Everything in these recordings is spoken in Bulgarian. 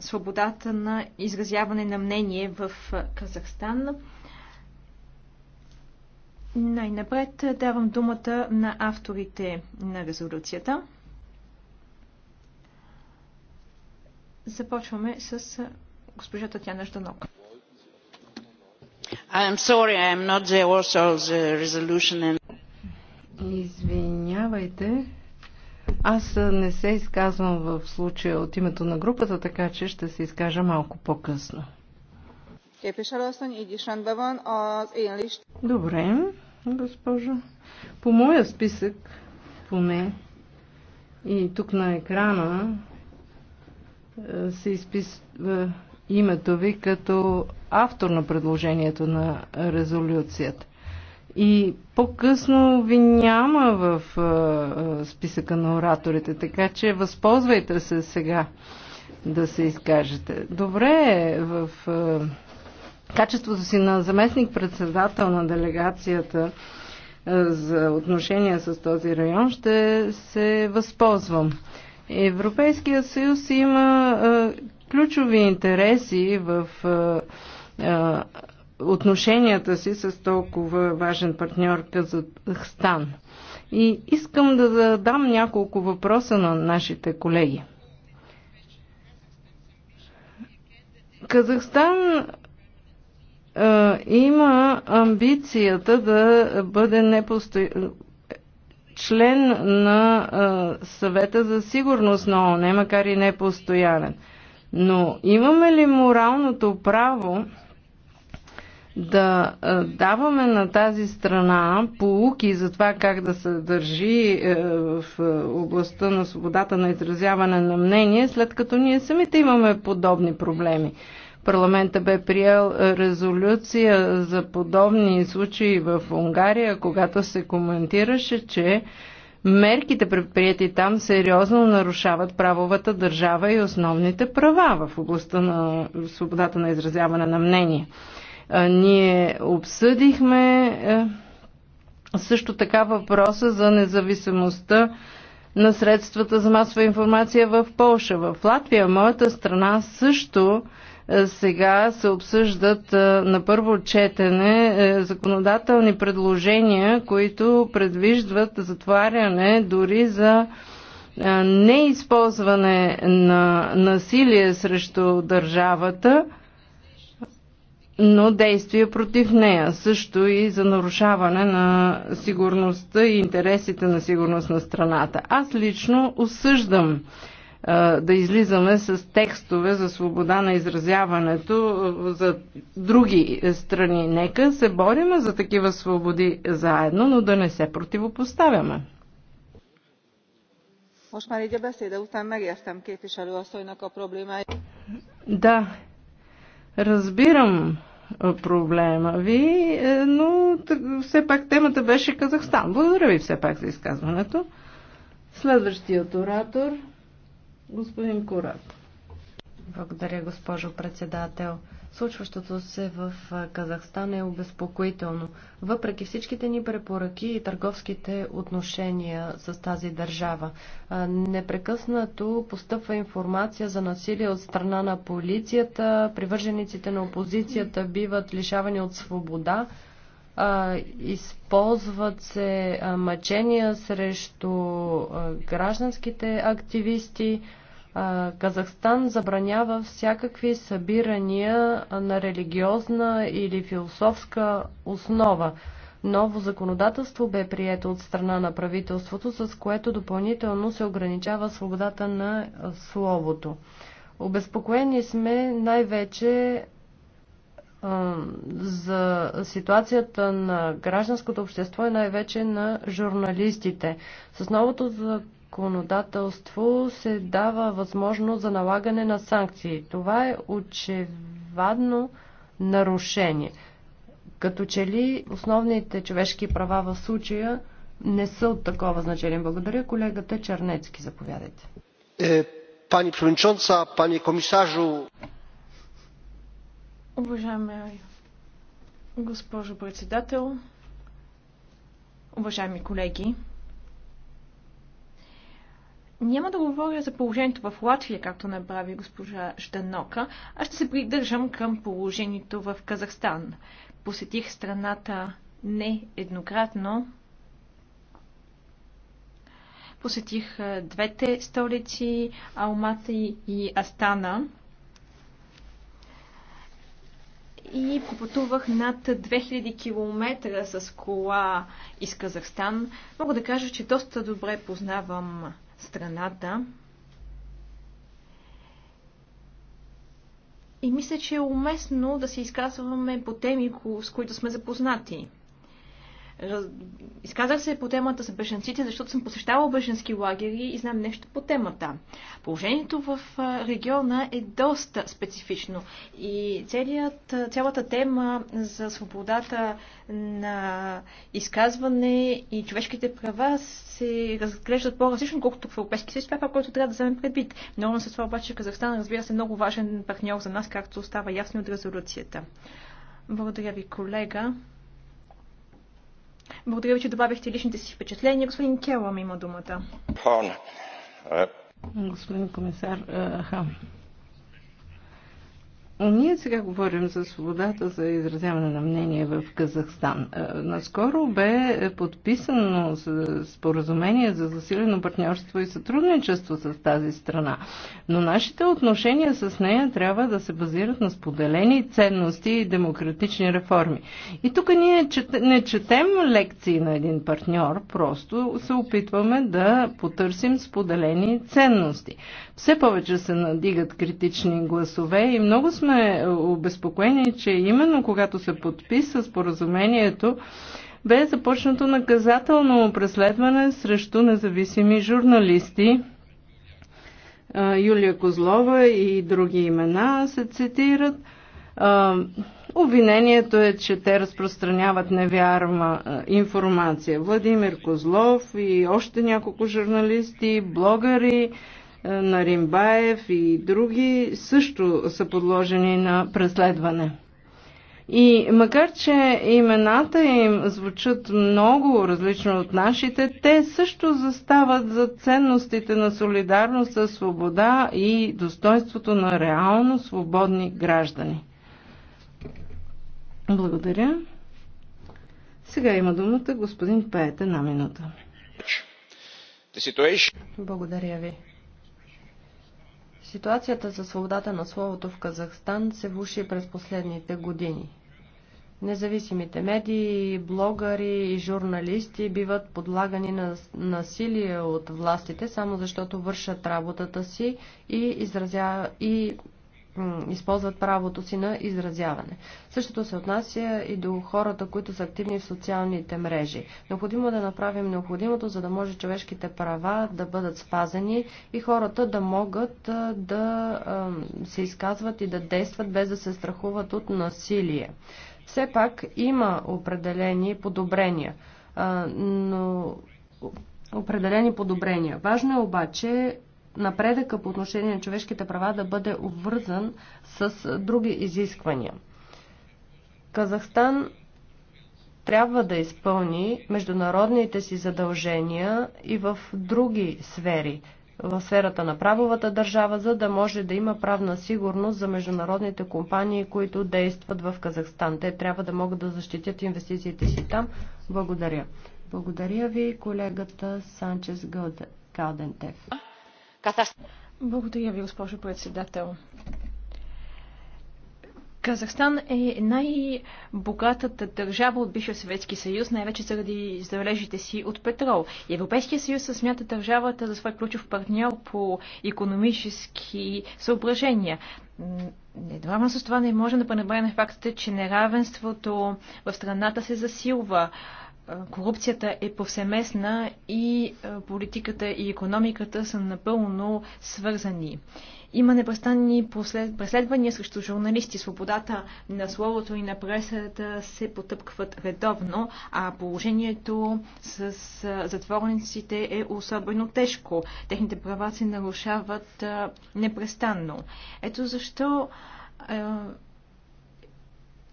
свободата на изразяване на мнение в Казахстан. Най-напред давам думата на авторите на резолюцията. Започваме с госпожа Татьяна Жданок. I'm sorry, I'm not the author of the resolution. And... Извинявайте, аз не се изказвам в случая от името на групата, така че ще се изкажа малко по-късно. Добре, госпожо. По моя списък, поне, и тук на екрана е, се изписва името ви като автор на предложението на резолюцията. И по-късно ви няма в списъка на ораторите, така че възползвайте се сега да се изкажете. Добре, в качеството си на заместник-председател на делегацията за отношения с този район ще се възползвам. Европейския съюз има ключови интереси в отношенията си с толкова важен партньор Казахстан. И искам да задам няколко въпроса на нашите колеги. Казахстан а, има амбицията да бъде непосто... член на а, съвета за сигурност на ООН, макар и непостоянен. Но имаме ли моралното право да е, даваме на тази страна полуки за това как да се държи е, в е, областта на свободата на изразяване на мнение, след като ние самите имаме подобни проблеми. Парламента бе приел резолюция за подобни случаи в Унгария, когато се коментираше, че мерките предприяти там сериозно нарушават правовата държава и основните права в областта на свободата на изразяване на мнение. Ние обсъдихме е, също така въпроса за независимостта на средствата за масова информация в Полша. В Латвия, моята страна, също е, сега се обсъждат е, на първо четене законодателни предложения, които предвиждат затваряне дори за неизползване на насилие срещу държавата – но действия против нея. Също и за нарушаване на сигурността и интересите на сигурност на страната. Аз лично осъждам да излизаме с текстове за свобода на изразяването за други страни. Нека се бориме за такива свободи заедно, но да не се противопоставяме. Да, Разбирам проблема ви, е, но все пак темата беше Казахстан. Благодаря ви все пак за изказването. Следващият оратор, господин Корат. Благодаря, госпожо председател. Случващото се в Казахстан е обезпокоително. Въпреки всичките ни препоръки и търговските отношения с тази държава, непрекъснато постъпва информация за насилие от страна на полицията, привържениците на опозицията биват лишавани от свобода, използват се мъчения срещу гражданските активисти, Казахстан забранява всякакви събирания на религиозна или философска основа. Ново законодателство бе прието от страна на правителството, с което допълнително се ограничава свободата на словото. Обезпокоени сме най-вече за ситуацията на гражданското общество и най-вече на журналистите. С новото законодателство се дава възможност за налагане на санкции. Това е очевадно нарушение. Като че ли основните човешки права в случая не са от такова значение. Благодаря колегата Чернецки. Заповядайте. Е, пани Провинчонца, пани Komisarzu. Уважаема госпожо председател, уважаеми колеги, няма да говоря за положението в Латвия, както направи госпожа Жданока, а ще се придържам към положението в Казахстан. Посетих страната не еднократно. Посетих двете столици, Алмата и Астана. И попътувах над 2000 км с кола из Казахстан. Мога да кажа, че доста добре познавам страната. И мисля, че е уместно да се изказваме по теми, с които сме запознати. Раз... Изказах се по темата за бежанците, защото съм посещавал бежански лагери и знам нещо по темата. Положението в региона е доста специфично и целият, цялата тема за свободата на изказване и човешките права се разглеждат по-различно, колкото в Европейски съюз. Това е това, което трябва да вземем предвид. Много с това обаче Казахстан, разбира се, е много важен партньор за нас, както става ясно от резолюцията. Благодаря ви, колега. Благодаря ви, че добавихте личните си впечатления. Господин Келъм има думата. Е. Господин комисар е, Хам, ние сега говорим за свободата за изразяване на мнение в Казахстан. Е, наскоро бе подписано споразумение за засилено партньорство и сътрудничество с тази страна. Но нашите отношения с нея трябва да се базират на споделени ценности и демократични реформи. И тук ние не четем лекции на един партньор, просто се опитваме да потърсим споделени ценности. Все повече се надигат критични гласове и много сме сме обезпокоени, че именно когато се подписа споразумението, бе започнато наказателно преследване срещу независими журналисти. Юлия Козлова и други имена се цитират. Обвинението е, че те разпространяват невярна информация. Владимир Козлов и още няколко журналисти, блогъри, е, на Римбаев и други също са подложени на преследване. И макар, че имената им звучат много различно от нашите, те също застават за ценностите на солидарност, свобода и достоинството на реално свободни граждани. Благодаря. Сега има думата господин Пеете на минута. Благодаря ви. Ситуацията за свободата на словото в Казахстан се влуши през последните години. Независимите медии, блогъри и журналисти биват подлагани на насилие от властите, само защото вършат работата си и, изразя... и използват правото си на изразяване. Същото се отнася и до хората, които са активни в социалните мрежи. Необходимо е да направим необходимото, за да може човешките права да бъдат спазени и хората да могат да се изказват и да действат без да се страхуват от насилие. Все пак има определени подобрения, но определени подобрения. Важно е обаче напредъка по отношение на човешките права да бъде обвързан с други изисквания. Казахстан трябва да изпълни международните си задължения и в други сфери, в сферата на правовата държава, за да може да има правна сигурност за международните компании, които действат в Казахстан. Те трябва да могат да защитят инвестициите си там. Благодаря. Благодаря ви, колегата Санчес Галдентев. Благодаря ви, госпожо председател. Казахстан е най-богатата държава от бившия Съветски съюз, най-вече заради залежите си от петрол. Европейския съюз смята държавата за свой ключов партньор по економически съображения. Едновременно с това не може да пренебрегнем факта, че неравенството в страната се засилва корупцията е повсеместна и политиката и економиката са напълно свързани. Има непрестанни преследвания срещу журналисти. Свободата на словото и на пресата се потъпкват редовно, а положението с затворниците е особено тежко. Техните права се нарушават непрестанно. Ето защо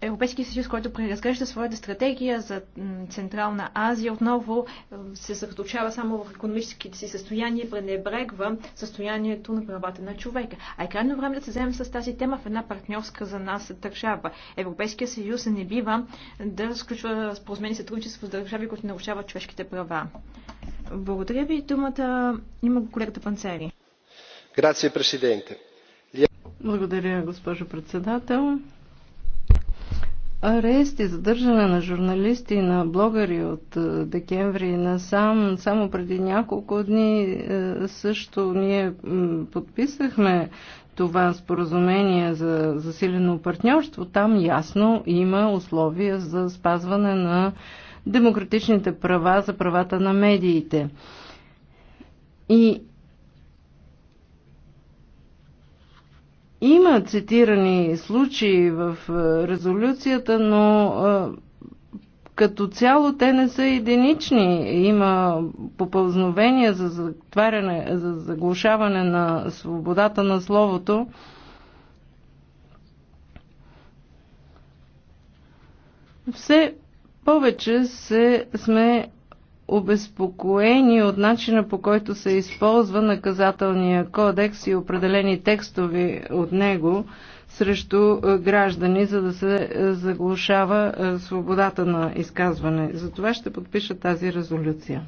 Европейския съюз, който преразглежда своята стратегия за Централна Азия, отново се съсредоточава само в економическите си състояния пренебрегва състоянието на правата на човека. А е крайно време да се вземем с тази тема в една партньорска за нас държава. Европейския съюз не бива да сключва споразумени сътрудничество с държави, които нарушават човешките права. Благодаря ви. Думата има колегата Панцери. Грация, президенте. Благодаря, госпожо председател арест и задържане на журналисти и на блогъри от е, декември насам, само преди няколко дни е, също ние подписахме това споразумение за засилено партньорство. Там ясно има условия за спазване на демократичните права, за правата на медиите. И Има цитирани случаи в е, резолюцията, но е, като цяло те не са единични. Има попълзновения за затваряне, за заглушаване на свободата на словото. Все повече се сме обезпокоени от начина по който се използва наказателния кодекс и определени текстови от него срещу е, граждани, за да се е, заглушава е, свободата на изказване. Затова ще подпиша тази резолюция.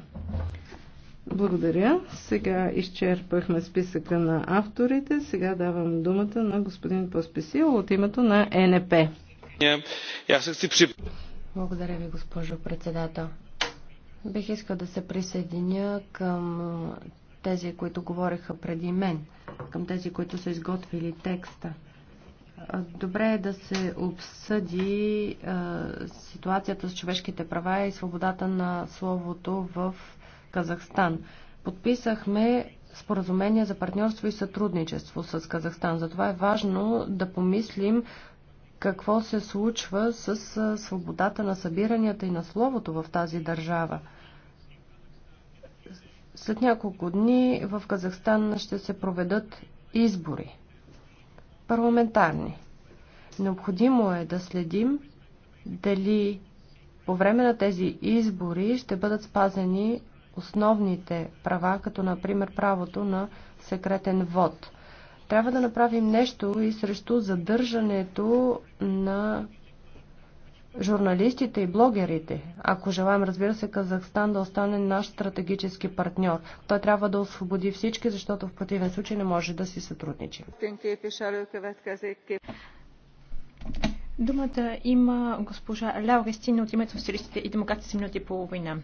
Благодаря. Сега изчерпахме списъка на авторите. Сега давам думата на господин Поспесил от името на НП. Благодаря ви, госпожо председател. Бих искал да се присъединя към тези, които говореха преди мен, към тези, които са изготвили текста. Добре е да се обсъди ситуацията с човешките права и свободата на словото в Казахстан. Подписахме споразумение за партньорство и сътрудничество с Казахстан. Затова е важно да помислим какво се случва с свободата на събиранията и на словото в тази държава. След няколко дни в Казахстан ще се проведат избори. Парламентарни. Необходимо е да следим дали по време на тези избори ще бъдат спазени основните права, като например правото на секретен вод. Трябва да направим нещо и срещу задържането на журналистите и блогерите, ако желаем, разбира се, Казахстан да остане наш стратегически партньор. Той трябва да освободи всички, защото в противен случай не може да си сътрудничи. Думата има госпожа Гестина от името социалистите и демократите за минути и половина.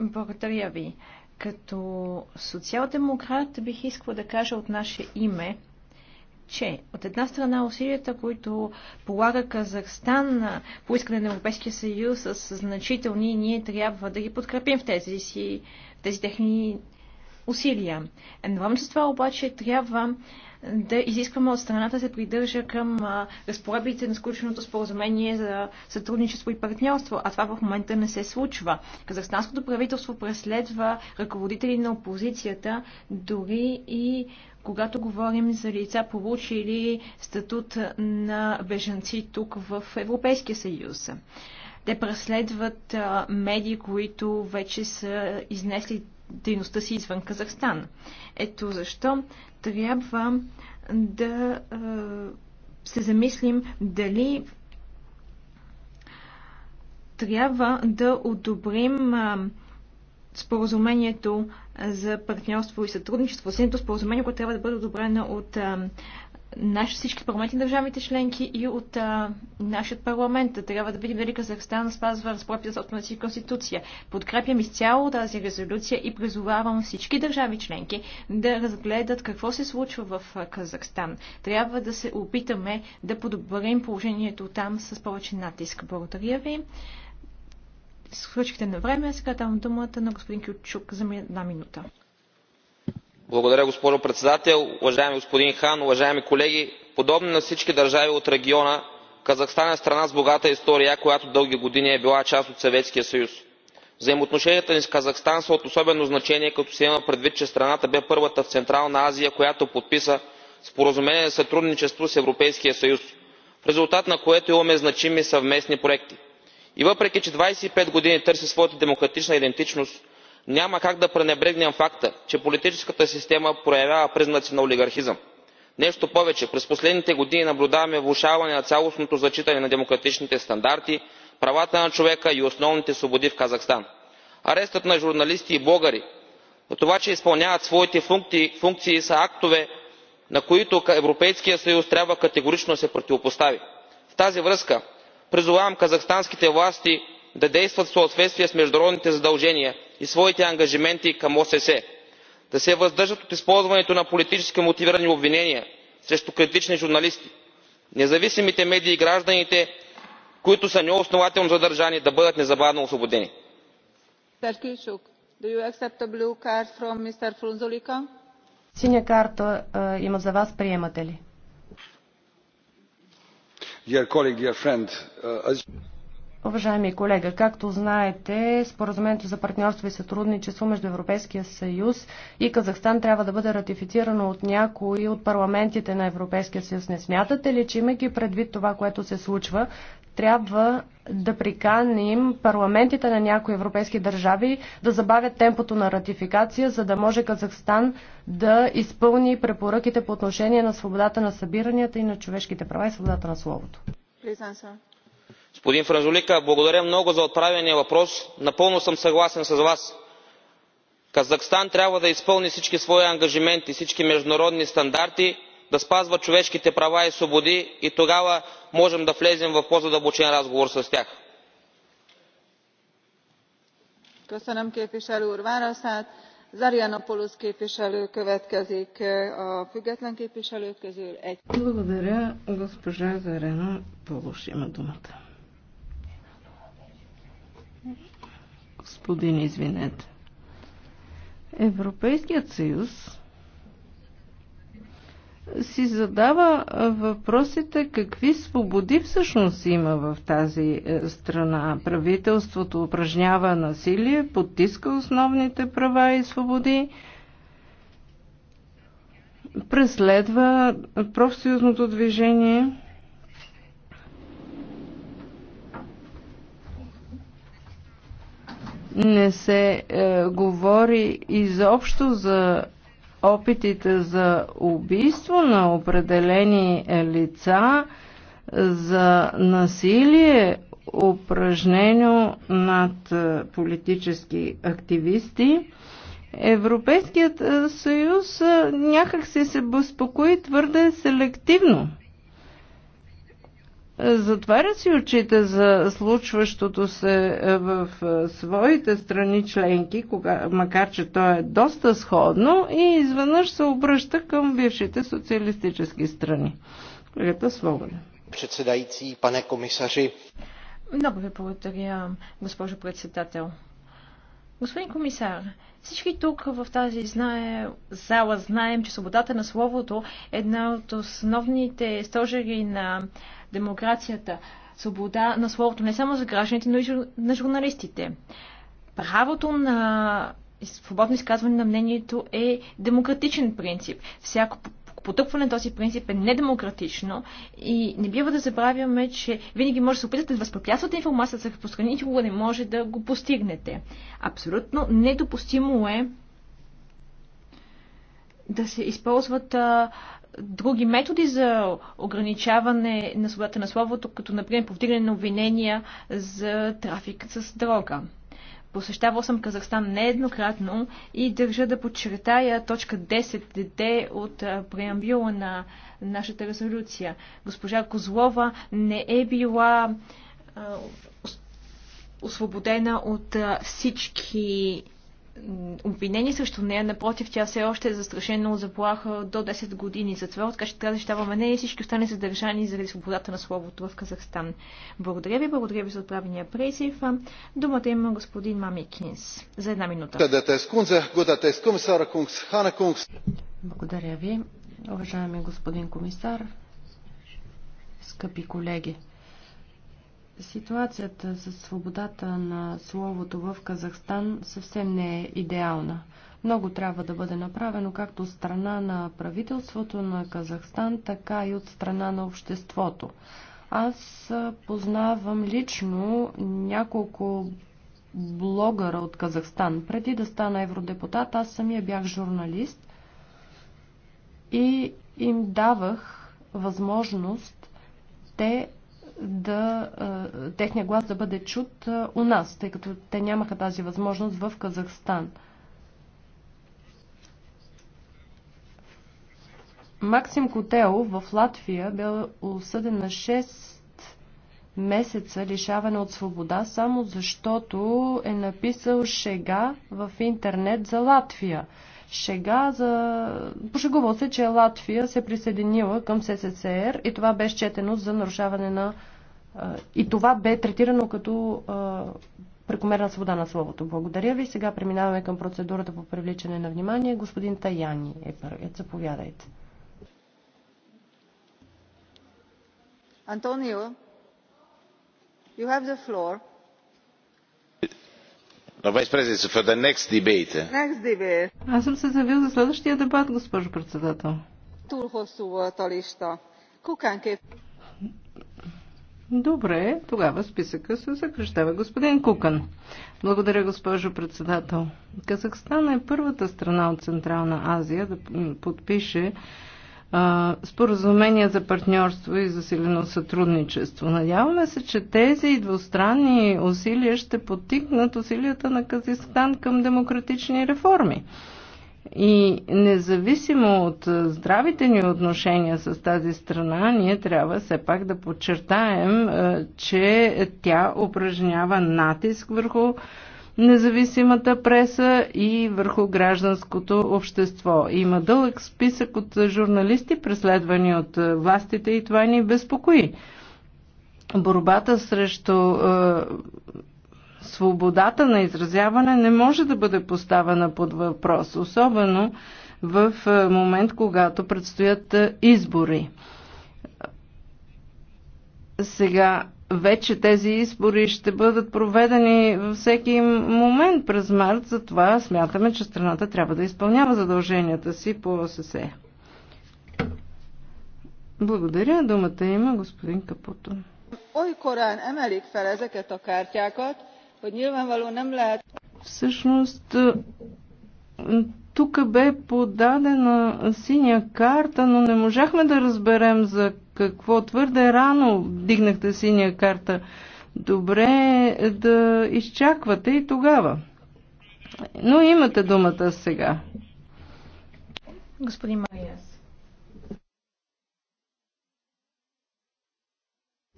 Благодаря ви. Като социал-демократ бих искала да кажа от наше име, че от една страна усилията, които полага Казахстан по искане на Европейския съюз са значителни и ние трябва да ги подкрепим в тези, си, в тези техни усилия. Едновременно с това обаче трябва да изискваме от страната да се придържа към разпоредбите на сключеното споразумение за сътрудничество и партньорство, а това в момента не се случва. Казахстанското правителство преследва ръководители на опозицията, дори и когато говорим за лица, получили статут на бежанци тук в Европейския съюз. Те преследват медии, които вече са изнесли дейността си извън Казахстан. Ето защо трябва да се замислим дали трябва да одобрим споразумението за партньорство и сътрудничество. Следното споразумение, което трябва да бъде одобрено от наши всички парламенти на държавите членки и от а, нашия парламент. Трябва да видим Велика Казахстан спазва разпоредбите за собствената си конституция. Подкрепям изцяло тази резолюция и призовавам всички държави членки да разгледат какво се случва в Казахстан. Трябва да се опитаме да подобрим положението там с повече натиск. Благодаря ви. Сключихте на време. Сега давам думата на господин Кючук за една минута. Благодаря, госпожо председател. Уважаеми господин Хан, уважаеми колеги, подобно на всички държави от региона, Казахстан е страна с богата история, която дълги години е била част от Съветския съюз. Взаимоотношенията ни с Казахстан са от особено значение, като се има предвид, че страната бе първата в Централна Азия, която подписа споразумение за сътрудничество с Европейския съюз, в резултат на което имаме значими съвместни проекти и въпреки че двадесет и пет години търси своята демократична идентичност няма как да пренебрегнем факта че политическата система проявява признаци на олигархизъм. нещо повече през последните години наблюдаваме влошаване на цялостното зачитане на демократичните стандарти правата на човека и основните свободи в казахстан. арестът на журналисти и от това че изпълняват своите функции са актове на които европейският съюз трябва категорично да се противопостави. в тази връзка призовавам казахстанските власти да действат в съответствие с международните задължения и своите ангажименти към осце да се въздържат от използването на политически мотивирани обвинения срещу критични журналисти независимите медии и гражданите които са неоснователно задържани да бъдат незабавно освободени. синя карта е, има за вас приемате ли? Uh, Уважаеми колега, както знаете, споразумението за партньорство и сътрудничество между Европейския съюз и Казахстан трябва да бъде ратифицирано от някои от парламентите на Европейския съюз. Не смятате ли, че имайки предвид това, което се случва, трябва да приканим парламентите на някои европейски държави да забавят темпото на ратификация, за да може Казахстан да изпълни препоръките по отношение на свободата на събиранията и на човешките права и свободата на словото. Господин Франзолика, благодаря много за отправения въпрос. Напълно съм съгласен с вас. Казахстан трябва да изпълни всички свои ангажименти, всички международни стандарти – да спазва човешките права и свободи и тогава можем да влезем в по задълбочен разговор с тях. Благодаря. Госпожа Зарена Полуш има думата. Господин, извинете. Европейският съюз си задава въпросите какви свободи всъщност има в тази е, страна. Правителството упражнява насилие, потиска основните права и свободи, преследва профсъюзното движение. Не се е, говори изобщо за опитите за убийство на определени лица, за насилие, упражнено над е, политически активисти, Европейският е, съюз е, някак се се безпокои твърде селективно затварят си очите за случващото се е, в е, своите страни членки, кога, макар че то е доста сходно, и изведнъж се обръща към бившите социалистически страни. Колегата Свобода. Председайци, пане комисари. Много ви благодаря, госпожо председател. Господин комисар, всички тук в тази знае, зала знаем, че свободата на словото е една от основните стожери на демокрацията. Свобода на словото не само за гражданите, но и на журналистите. Правото на свободно изказване на мнението е демократичен принцип. Всяко потъпване на този принцип е недемократично и не бива да забравяме, че винаги може да се опитате да възпрепятствате информацията за разпространение, никога не може да го постигнете. Абсолютно недопустимо е да се използват а, други методи за ограничаване на свободата на словото, като например повдигане на обвинения за трафик с дрога. Посещавал съм Казахстан нееднократно и държа да подчертая точка 10D от преамбюла на нашата резолюция. Госпожа Козлова не е била освободена от всички обвинение срещу нея. Напротив, тя все още е застрашена от заплаха до 10 години затвор, така че трябва да защитаваме нея и всички остане задържани заради свободата на словото в Казахстан. Благодаря ви, благодаря ви за отправения призив. Думата има господин Мамикинс. За една минута. Благодаря ви, уважаеми господин комисар, скъпи колеги. Ситуацията с свободата на словото в Казахстан съвсем не е идеална. Много трябва да бъде направено както от страна на правителството на Казахстан, така и от страна на обществото. Аз познавам лично няколко блогъра от Казахстан. Преди да стана евродепутат, аз самия бях журналист и им давах възможност те да, техния глас да бъде чут у нас, тъй като те нямаха тази възможност в Казахстан. Максим Котел в Латвия бе осъден на 6 месеца лишаване от свобода, само защото е написал шега в интернет за Латвия. Шега за... Пошегувал се, че Латвия се присъединила към СССР и това беше четено за нарушаване на и това бе третирано като прекомерна свобода на словото. Благодаря ви. Сега преминаваме към процедурата по привличане на внимание. Господин Таяни е първият. Заповядайте. Антонио, you have the floor. Но vice president, for the next debate. Eh? Next debate. Аз съм се завил за следващия дебат, госпожо председател. Túl hosszú volt Добре, тогава списъка се съкръщава господин Кукан. Благодаря, госпожо председател. Казахстан е първата страна от Централна Азия да подпише а, споразумения за партньорство и засилено сътрудничество. Надяваме се, че тези двустранни усилия ще потикнат усилията на Казахстан към демократични реформи. И независимо от здравите ни отношения с тази страна, ние трябва все пак да подчертаем, е, че тя упражнява натиск върху независимата преса и върху гражданското общество. Има дълъг списък от журналисти, преследвани от властите и това ни безпокои борбата срещу е, свободата на изразяване не може да бъде поставена под въпрос, особено в е, момент, когато предстоят е, избори. Сега вече тези избори ще бъдат проведени във всеки момент през март, затова смятаме, че страната трябва да изпълнява задълженията си по ОССЕ. Благодаря. Думата има господин Капуто. Ой, Коран, емелик fel ezeket Всъщност, е, тук бе подадена синя карта, но не можахме да разберем за какво. Твърде рано дигнахте синя карта. Добре е да изчаквате и тогава. Но имате думата сега. Господин Мариас.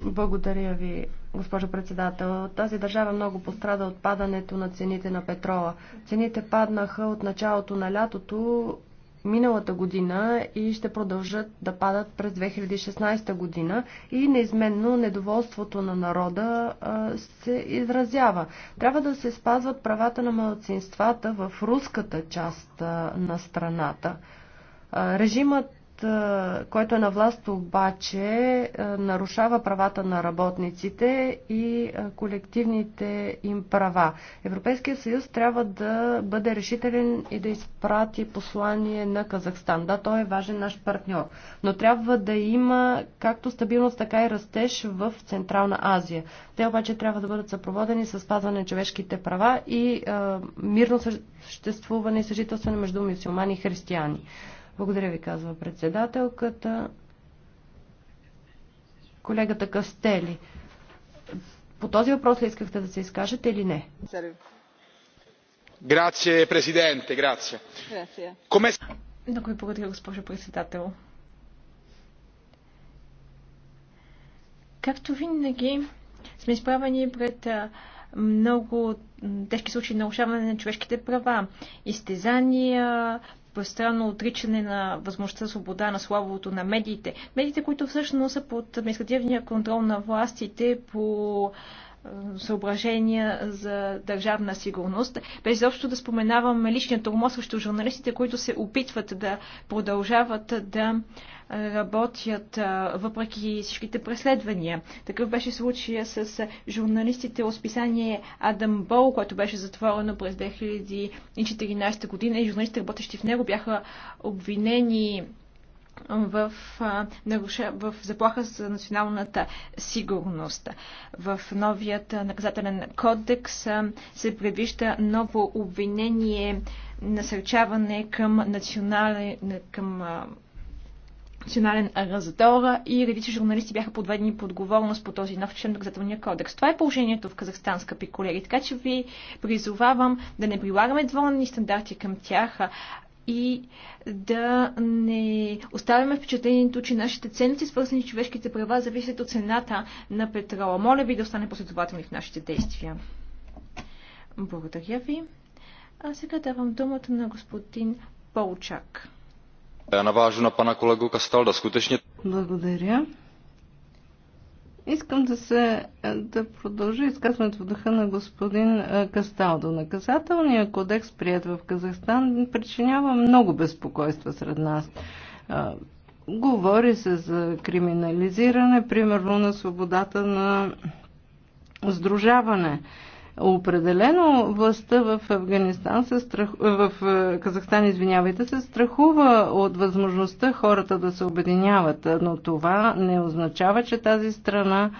Благодаря ви, госпожо председател. Тази държава много пострада от падането на цените на петрола. Цените паднаха от началото на лятото миналата година и ще продължат да падат през 2016 година и неизменно недоволството на народа се изразява. Трябва да се спазват правата на малцинствата в руската част на страната. Режимът който е на власт обаче, нарушава правата на работниците и колективните им права. Европейския съюз трябва да бъде решителен и да изпрати послание на Казахстан. Да, той е важен наш партньор, но трябва да има както стабилност, така и растеж в Централна Азия. Те обаче трябва да бъдат съпроводени с спазване на човешките права и е, мирно съществуване и съжителство между мюсюлмани и християни. Благодаря ви, казва председателката. Колегата Кастели, по този въпрос ли искахте да се изкажете или не? Грация, президенте, грация. Много ви благодаря, госпожо председател. Както винаги, сме изправени пред много тежки случаи на нарушаване на човешките права. Изтезания, постоянно отричане на възможността свобода на славото на медиите. Медиите, които всъщност са под административния контрол на властите по съображения за държавна сигурност, без заобщо да споменавам личния тормоз срещу журналистите, които се опитват да продължават да работят въпреки всичките преследвания. Такъв беше случая с журналистите от списание Адам Бол, което беше затворено през 2014 година и журналистите, работещи в него, бяха обвинени в, наруша, в заплаха за националната сигурност. В новият наказателен кодекс се предвижда ново обвинение, насърчаване към национален, към национален раздор и редица журналисти бяха подведени под отговорност по този нов член наказателния кодекс. Това е положението в Казахстан, скъпи колеги, така че ви призовавам да не прилагаме двойни стандарти към тях, и да не оставяме впечатлението, че нашите ценности, свързани с човешките права, зависят от цената на петрола. Моля ви да остане последователни в нашите действия. Благодаря ви. А сега давам думата на господин Полчак. Я на пана колегу Касталда. Благодаря. Искам да се е, да продължи изказването в духа на господин е, Касталдо. Наказателният кодекс, прият в Казахстан, причинява много безпокойства сред нас. Е, говори се за криминализиране, примерно на свободата на сдружаване. Определено властта в Афганистан се страх... Е, в е, Казахстан, извинявайте, се страхува от възможността хората да се обединяват, но това не означава, че тази страна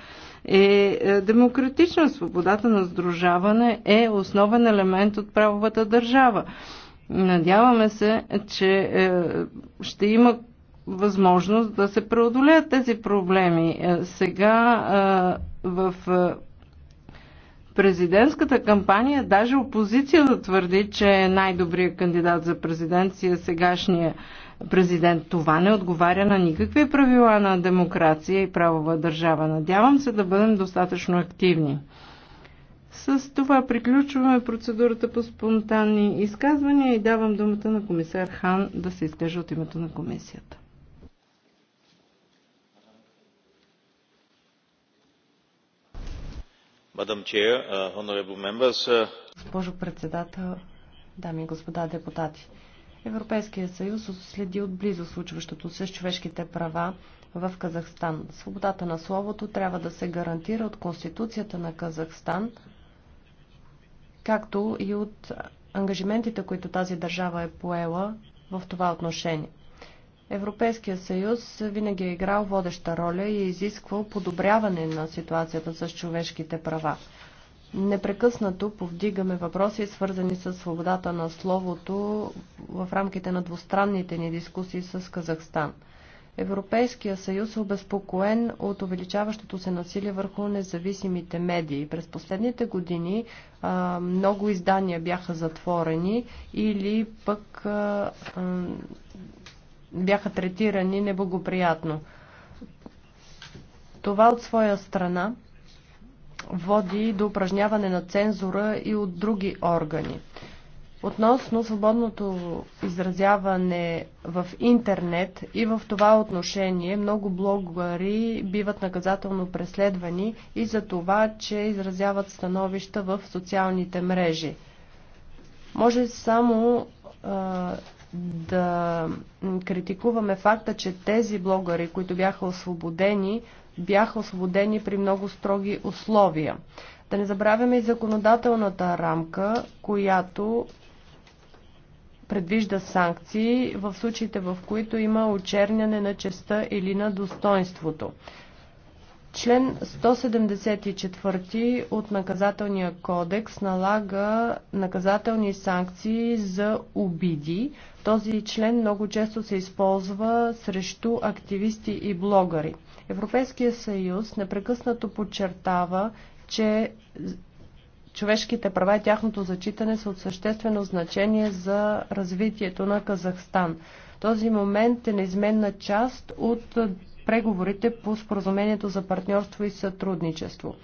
е, е демократична. Свободата на сдружаване е основен елемент от правовата държава. Надяваме се, че ще има възможност да се преодолеят тези проблеми. Сега в президентската кампания, даже опозицията да твърди, че е най-добрият кандидат за президент си е сегашния президент. Това не отговаря на никакви правила на демокрация и правова държава. Надявам се да бъдем достатъчно активни. С това приключваме процедурата по спонтанни изказвания и давам думата на комисар Хан да се изкаже от името на комисията. Госпожо председател, дами и господа депутати, Европейският съюз следи отблизо случващото се с човешките права в Казахстан. Свободата на словото трябва да се гарантира от Конституцията на Казахстан, както и от ангажиментите, които тази държава е поела в това отношение. Европейския съюз винаги е играл водеща роля и е изисквал подобряване на ситуацията с човешките права. Непрекъснато повдигаме въпроси, свързани с свободата на словото в рамките на двустранните ни дискусии с Казахстан. Европейския съюз е обезпокоен от увеличаващото се насилие върху независимите медии. През последните години а, много издания бяха затворени или пък а, а, бяха третирани неблагоприятно. Това от своя страна води до упражняване на цензура и от други органи. Относно свободното изразяване в интернет и в това отношение много блогъри биват наказателно преследвани и за това, че изразяват становища в социалните мрежи. Може само да критикуваме факта, че тези блогъри, които бяха освободени, бяха освободени при много строги условия. Да не забравяме и законодателната рамка, която предвижда санкции в случаите, в които има очерняне на честа или на достоинството. Член 174 от наказателния кодекс налага наказателни санкции за обиди. Този член много често се използва срещу активисти и блогъри. Европейския съюз непрекъснато подчертава, че човешките права и тяхното зачитане са от съществено значение за развитието на Казахстан. Този момент е неизменна част от преговорите по споразумението за партньорство и сътрудничество.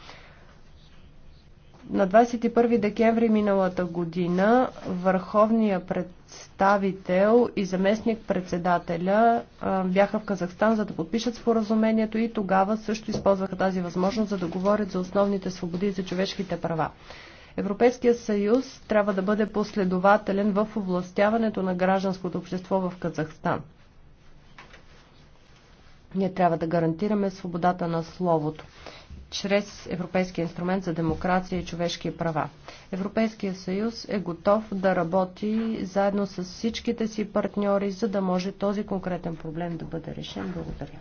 На 21 декември миналата година върховния представител и заместник председателя бяха в Казахстан за да подпишат споразумението и тогава също използваха тази възможност за да говорят за основните свободи и за човешките права. Европейския съюз трябва да бъде последователен в областяването на гражданското общество в Казахстан. Ние трябва да гарантираме свободата на словото чрез Европейския инструмент за демокрация и човешки права. Европейския съюз е готов да работи заедно с всичките си партньори, за да може този конкретен проблем да бъде решен. Благодаря.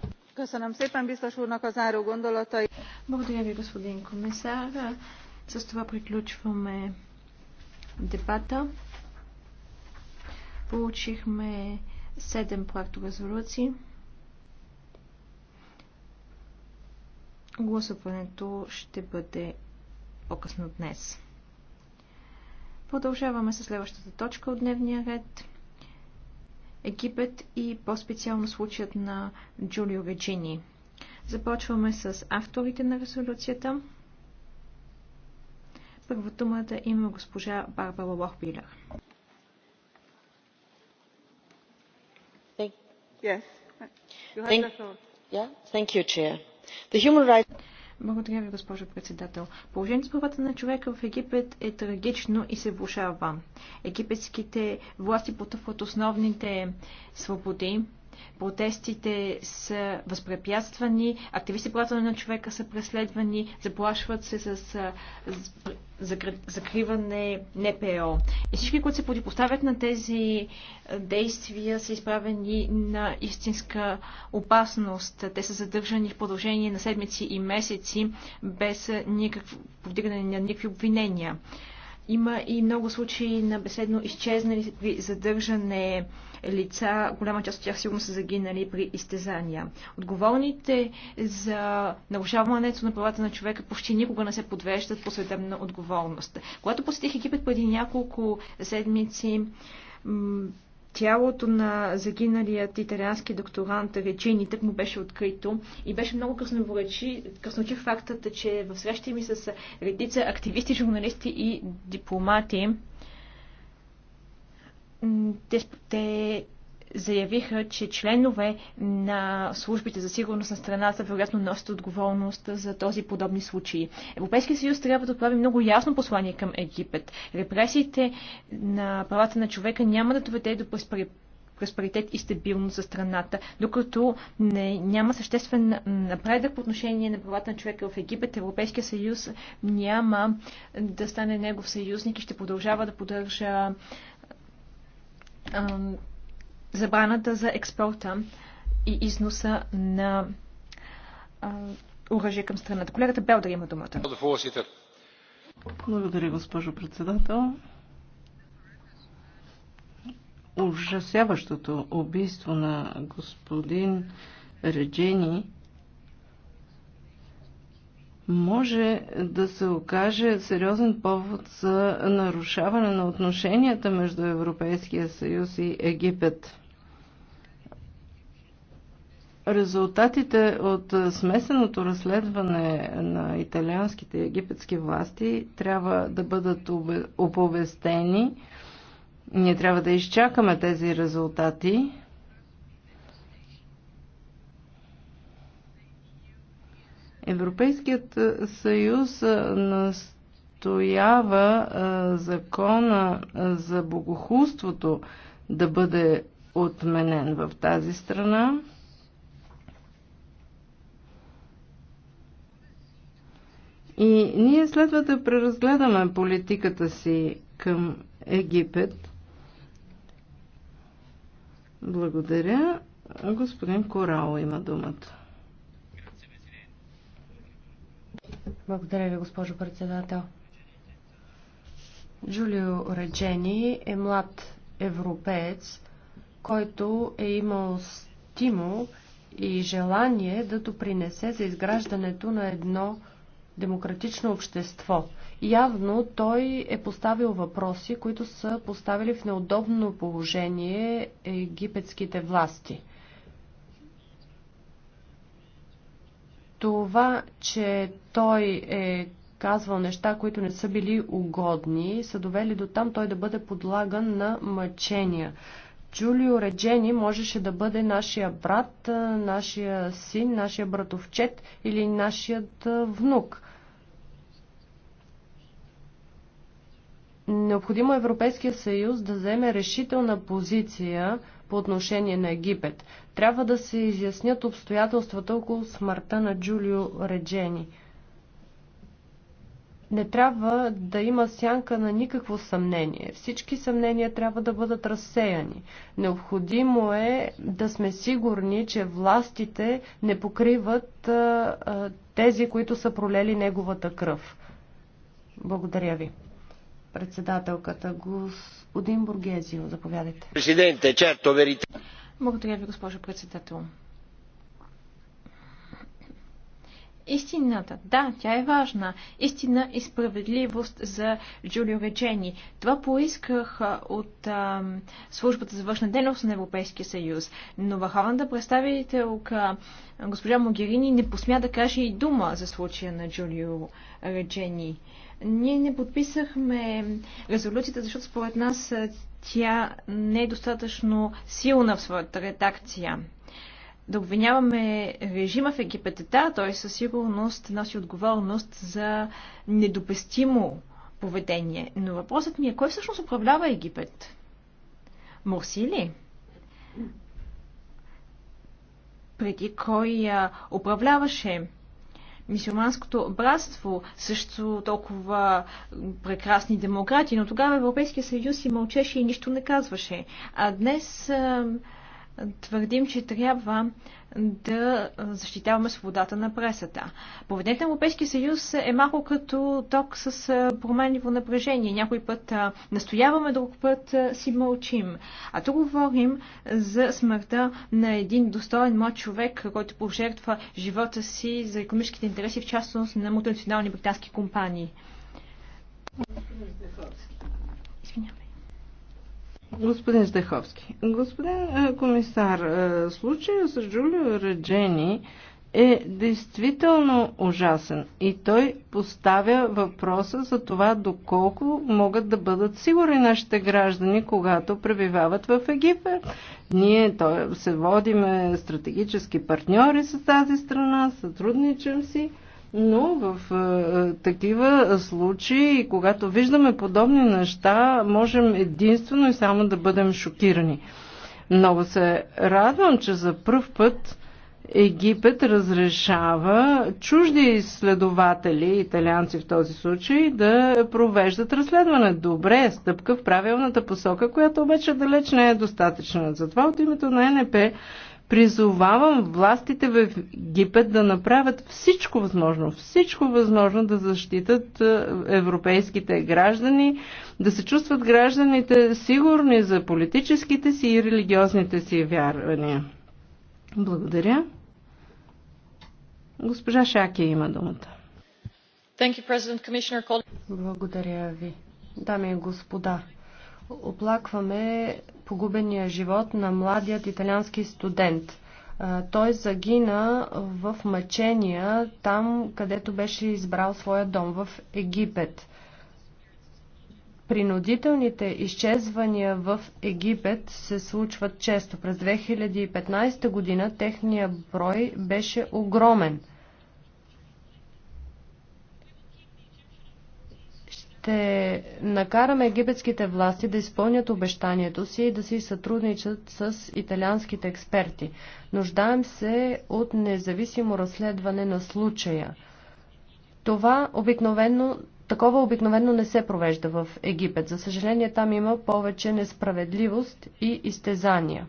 Благодаря ви, господин комисар. С това приключваме дебата. Получихме седем проекторезолюции. резолюции. Гласуването ще бъде по-късно днес. Продължаваме с следващата точка от дневния ред. Египет и по-специално случаят на Джулио Веджини. Започваме с авторите на резолюцията. Първо думата има госпожа Барбара Лохбилер. thank you, Chair. Благодаря ви, госпожо председател. Положението с правата на човека в Египет е трагично и се влушава. Египетските власти потъпват основните свободи, Протестите са възпрепятствани, активисти правата на човека са преследвани, заплашват се с закриване НПО. И всички, които се противопоставят на тези действия, са изправени на истинска опасност. Те са задържани в продължение на седмици и месеци без никакво повдигане на никакви обвинения. Има и много случаи на беседно изчезнали задържане лица, голяма част от тях сигурно са загинали при изтезания. Отговорните за нарушаването на правата на човека почти никога не се подвеждат по съдебна отговорност. Когато посетих Египет преди няколко седмици, тялото на загиналият италиански докторант Речини тък му беше открито и беше много красноречив фактът, че в срещи ми с редица активисти, журналисти и дипломати те, те заявиха, че членове на службите за сигурност на страната вероятно носят отговорност за този подобни случаи. Европейския съюз трябва да отправи много ясно послание към Египет. Репресиите на правата на човека няма да доведе до просперитет и стабилност за страната, докато не, няма съществен напредък по отношение на правата на човека в Египет, Европейския съюз няма да стане негов съюзник и ще продължава да поддържа забраната за експорта и износа на оръжие към страната. Колегата Белдър има думата. Благодаря, госпожо председател. Ужасяващото убийство на господин Реджени може да се окаже сериозен повод за нарушаване на отношенията между Европейския съюз и Египет. Резултатите от смесеното разследване на италианските и египетски власти трябва да бъдат оповестени. Ние трябва да изчакаме тези резултати, Европейският е, съюз е, настоява е, закона за богохулството да бъде отменен в тази страна. И ние следва да преразгледаме политиката си към Египет. Благодаря. Господин Корал има думата. Благодаря ви, госпожо председател. Джулио Реджени е млад европеец, който е имал стимул и желание да допринесе за изграждането на едно демократично общество. Явно той е поставил въпроси, които са поставили в неудобно положение египетските власти – Това, че той е казвал неща, които не са били угодни, са довели до там той да бъде подлаган на мъчения. Джулио Реджени можеше да бъде нашия брат, нашия син, нашия братовчет или нашият внук. Необходимо е Европейския съюз да вземе решителна позиция по отношение на Египет. Трябва да се изяснят обстоятелствата около смъртта на Джулио Реджени. Не трябва да има сянка на никакво съмнение. Всички съмнения трябва да бъдат разсеяни. Необходимо е да сме сигурни, че властите не покриват а, а, тези, които са пролели неговата кръв. Благодаря ви. Председателката Гус Господин Бургезио, заповядайте. Президенте, черто верите. Благодаря ви, госпожо председател. Истината, да, тя е важна. Истина и справедливост за Джулио Реджени. Това поисках от а, службата за външна дейност на Европейския съюз. Но върховната представителка госпожа Могерини не посмя да каже и дума за случая на Джулио Реджени. А, ние не подписахме резолюцията, защото според нас тя не е достатъчно силна в своята редакция. Да обвиняваме режима в Египет, да, той със сигурност носи отговорност за недопестимо поведение. Но въпросът ми е, кой всъщност управлява Египет? Мурси ли? Преди кой управляваше мисиоманското братство, също толкова прекрасни демократи, но тогава Европейския съюз и мълчеше и нищо не казваше. А днес твърдим, че трябва да защитаваме свободата на пресата. Поведението на Европейския съюз е малко като ток с променливо напрежение. Някой път настояваме, друг път си мълчим. А тук говорим за смъртта на един достоен млад човек, който пожертва живота си за економическите интереси, в частност на мултинационални британски компании. Извинявай. Господин Здеховски, господин е, комисар, е, случая с Джулио Реджени е действително ужасен и той поставя въпроса за това доколко могат да бъдат сигурни нашите граждани, когато пребивават в Египет. Ние той, се водиме стратегически партньори с тази страна, сътрудничам си. Но в а, е, е, такива случаи, когато виждаме подобни неща, можем единствено и само да бъдем шокирани. Много се радвам, че за първ път Египет разрешава чужди изследователи, италианци в този случай, да провеждат разследване. Добре, е стъпка в правилната посока, която обаче далеч не е достатъчна. Затова от името на НП Призовавам властите в Египет да направят всичко възможно, всичко възможно да защитат е, европейските граждани, да се чувстват гражданите сигурни за политическите си и религиозните си вярвания. Благодаря. Госпожа Шаки има думата. Благодаря ви. Дами и господа, оплакваме погубения живот на младият италиански студент. Той загина в мъчения там, където беше избрал своя дом в Египет. Принудителните изчезвания в Египет се случват често. През 2015 година техния брой беше огромен – ще накараме египетските власти да изпълнят обещанието си и да си сътрудничат с италианските експерти. Нуждаем се от независимо разследване на случая. Това обикновено, такова обикновено не се провежда в Египет. За съжаление там има повече несправедливост и изтезания.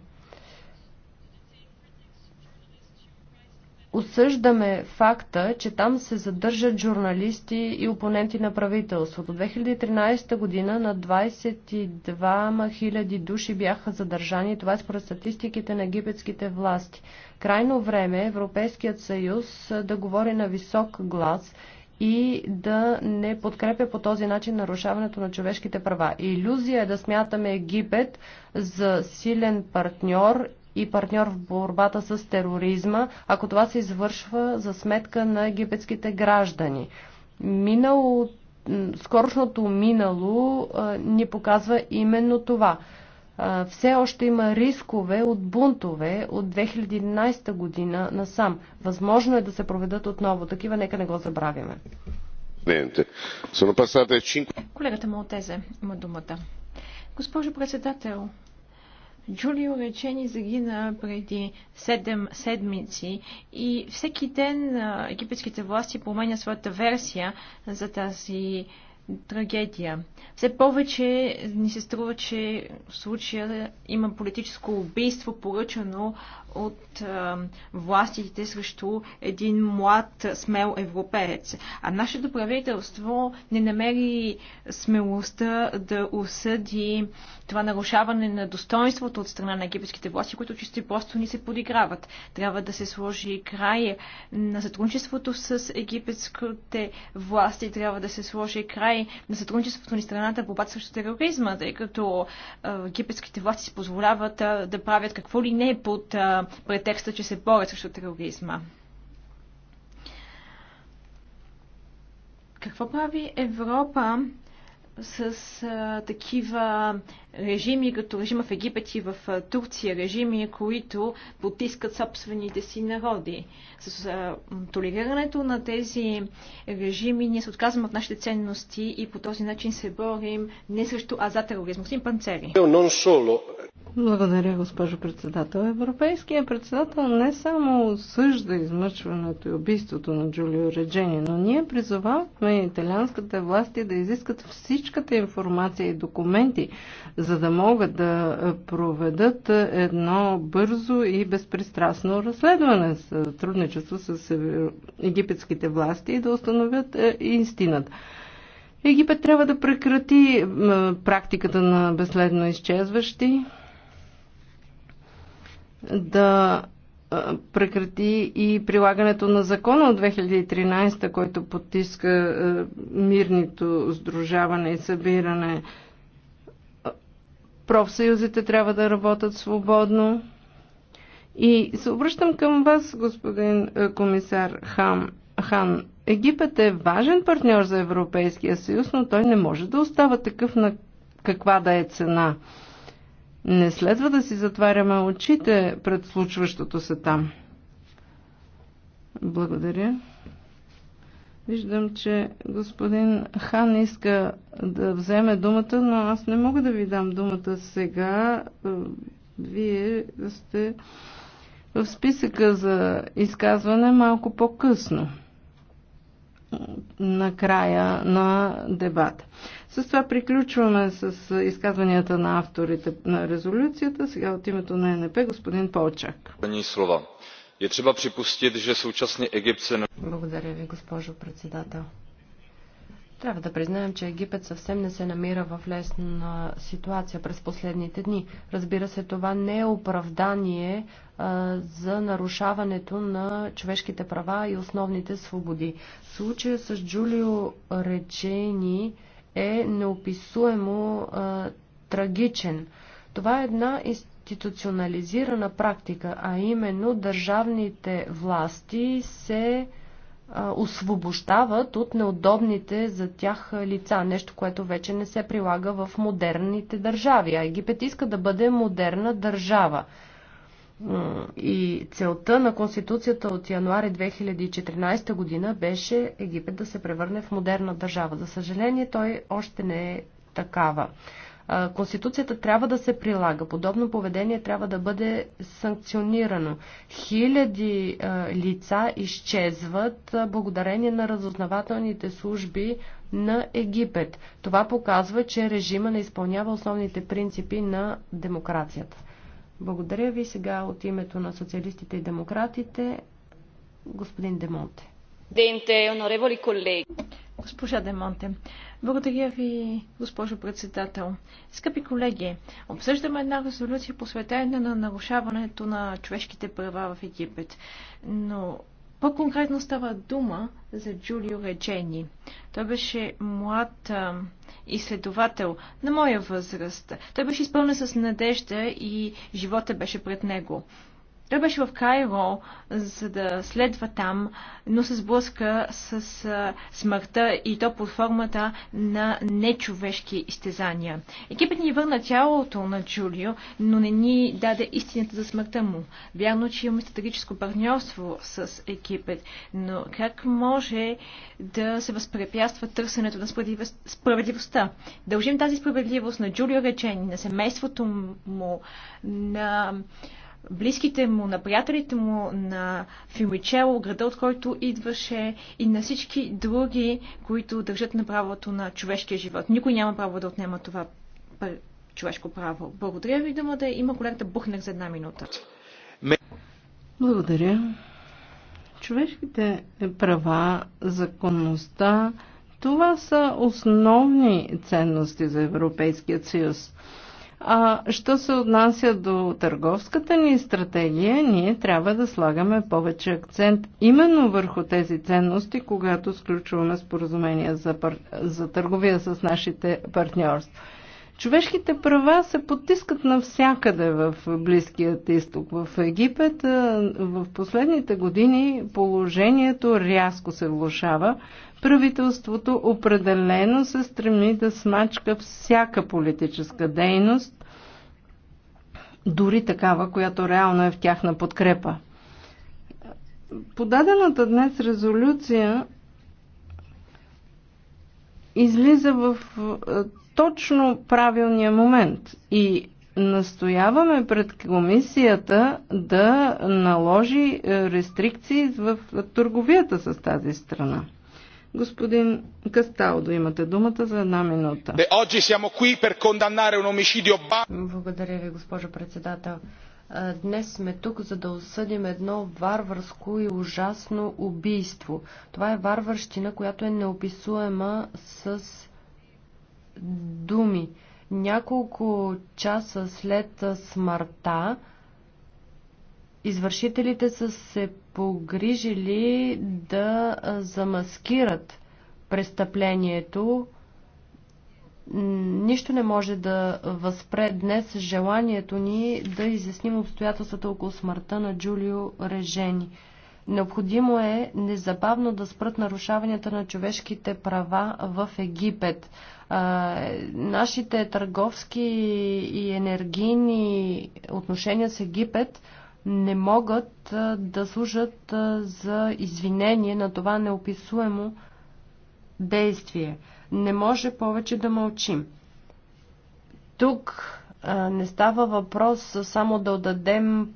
осъждаме факта, че там се задържат журналисти и опоненти на правителството. 2013 година на 22 000 души бяха задържани. Това е според статистиките на египетските власти. Крайно време е Европейският съюз да говори на висок глас и да не подкрепя по този начин нарушаването на човешките права. Иллюзия е да смятаме Египет за силен партньор и партньор в борбата с тероризма, ако това се извършва за сметка на египетските граждани. Минало, скорошното минало ни показва именно това все още има рискове от бунтове от 2011 година насам. Възможно е да се проведат отново такива, нека не го забравяме. Колегата Малтезе има думата. Госпожо председател, Джулио Речени загина преди 7 седмици и всеки ден египетските власти променят своята версия за тази трагедия. Все повече ни се струва, че в случая има политическо убийство, поръчано от е, властите срещу един млад, смел европеец. А нашето правителство не намери смелостта да осъди това нарушаване на достоинството от страна на египетските власти, които чисто и просто ни се подиграват. Трябва да се сложи край на сътрудничеството с египетските власти, трябва да се сложи край на сътрудничеството ни страната по срещу тероризма, тъй като е, египетските власти си позволяват е, да правят какво ли не под а, претекста, че се борят срещу тероризма. Какво прави Европа с а, такива режими, като режима в Египет и в Турция, режими, които потискат собствените си народи. С а, толерирането на тези режими ние се отказваме от нашите ценности и по този начин се борим не срещу, а за тероризма. Господин Панцери. Благодаря, госпожо председател. Европейският председател не само осъжда измъчването и убийството на Джулио Реджени, но ние призовавахме италианските власти да изискат всичката информация и документи за да могат да проведат едно бързо и безпристрастно разследване с трудничество с египетските власти и да установят е, истината. Египет трябва да прекрати е, практиката на безследно изчезващи, да е, прекрати и прилагането на закона от 2013, който потиска мирното сдружаване и събиране профсъюзите трябва да работят свободно. И се обръщам към вас, господин е, комисар Хан. Хан. Египет е важен партньор за Европейския съюз, но той не може да остава такъв на каква да е цена. Не следва да си затваряме очите пред случващото се там. Благодаря. Виждам, че господин Хан иска да вземе думата, но аз не мога да ви дам думата сега. Е, вие сте в списъка за изказване малко по-късно на края на дебата. С това приключваме с изказванията на авторите на резолюцията. Сега от името на НП господин Полчак. Ни слова. Je třeba připustit, že současně Egypt se... Благодаря ви, госпожо председател. Трябва да признаем, че Египет съвсем не се намира в лесна ситуация през последните дни. Разбира се, това не е оправдание а, за нарушаването на човешките права и основните свободи. Случая с Джулио Речени е неописуемо а, трагичен. Това е една история институционализирана практика, а именно държавните власти се освобождават от неудобните за тях лица. Нещо, което вече не се прилага в модерните държави. А Египет иска да бъде модерна държава. И целта на Конституцията от януари 2014 година беше Египет да се превърне в модерна държава. За съжаление, той още не е такава. Конституцията трябва да се прилага. Подобно поведение трябва да бъде санкционирано. Хиляди лица изчезват благодарение на разузнавателните служби на Египет. Това показва, че режима не изпълнява основните принципи на демокрацията. Благодаря ви сега от името на социалистите и демократите, господин Демонте. Госпожа Демонте, благодаря ви, госпожо председател. Скъпи колеги, обсъждаме една резолюция посветена на нарушаването на човешките права в Египет. Но по-конкретно става дума за Джулио Реджени. Той беше млад а, изследовател на моя възраст. Той беше изпълнен с надежда и живота беше пред него. Той беше в Кайро, за да следва там, но се сблъска с смъртта и то под формата на нечовешки изтезания. Екипът ни върна тялото на Джулио, но не ни даде истината за смъртта му. Вярно, че имаме стратегическо партньорство с екипът, но как може да се възпрепятства търсенето на справедливостта? Дължим тази справедливост на Джулио Речени, на семейството му, на близките му, на приятелите му, на Фимичело, града, от който идваше и на всички други, които държат на правото на човешкия живот. Никой няма право да отнема това човешко право. Благодаря ви, дума да има колегата Бухнер за една минута. Благодаря. Човешките права, законността, това са основни ценности за Европейския съюз. А що се отнася до търговската ни стратегия, ние трябва да слагаме повече акцент именно върху тези ценности, когато сключваме споразумения за, пар... за търговия с нашите партньорства. Човешките права се потискат навсякъде в Близкият изток. В Египет в последните години положението рязко се влушава, правителството определено се стреми да смачка всяка политическа дейност, дори такава, която реално е в тяхна подкрепа. Подадената днес резолюция излиза в е, точно правилния момент и настояваме пред комисията да наложи е, рестрикции в е, търговията с тази страна. Господин Касталдо, имате думата за една минута. Благодаря ви, госпожо председател. Днес сме тук, за да осъдим едно варварско и ужасно убийство. Това е варварщина, която е неописуема с думи. Няколко часа след смъртта извършителите са се погрижили да замаскират престъплението. Нищо не може да възпре днес желанието ни да изясним обстоятелствата около смъртта на Джулио Режени. Необходимо е незабавно да спрат нарушаванията на човешките права в Египет. А, нашите търговски и енергийни отношения с Египет не могат да служат за извинение на това неописуемо действие. Не може повече да мълчим. Тук не става въпрос само да отдадем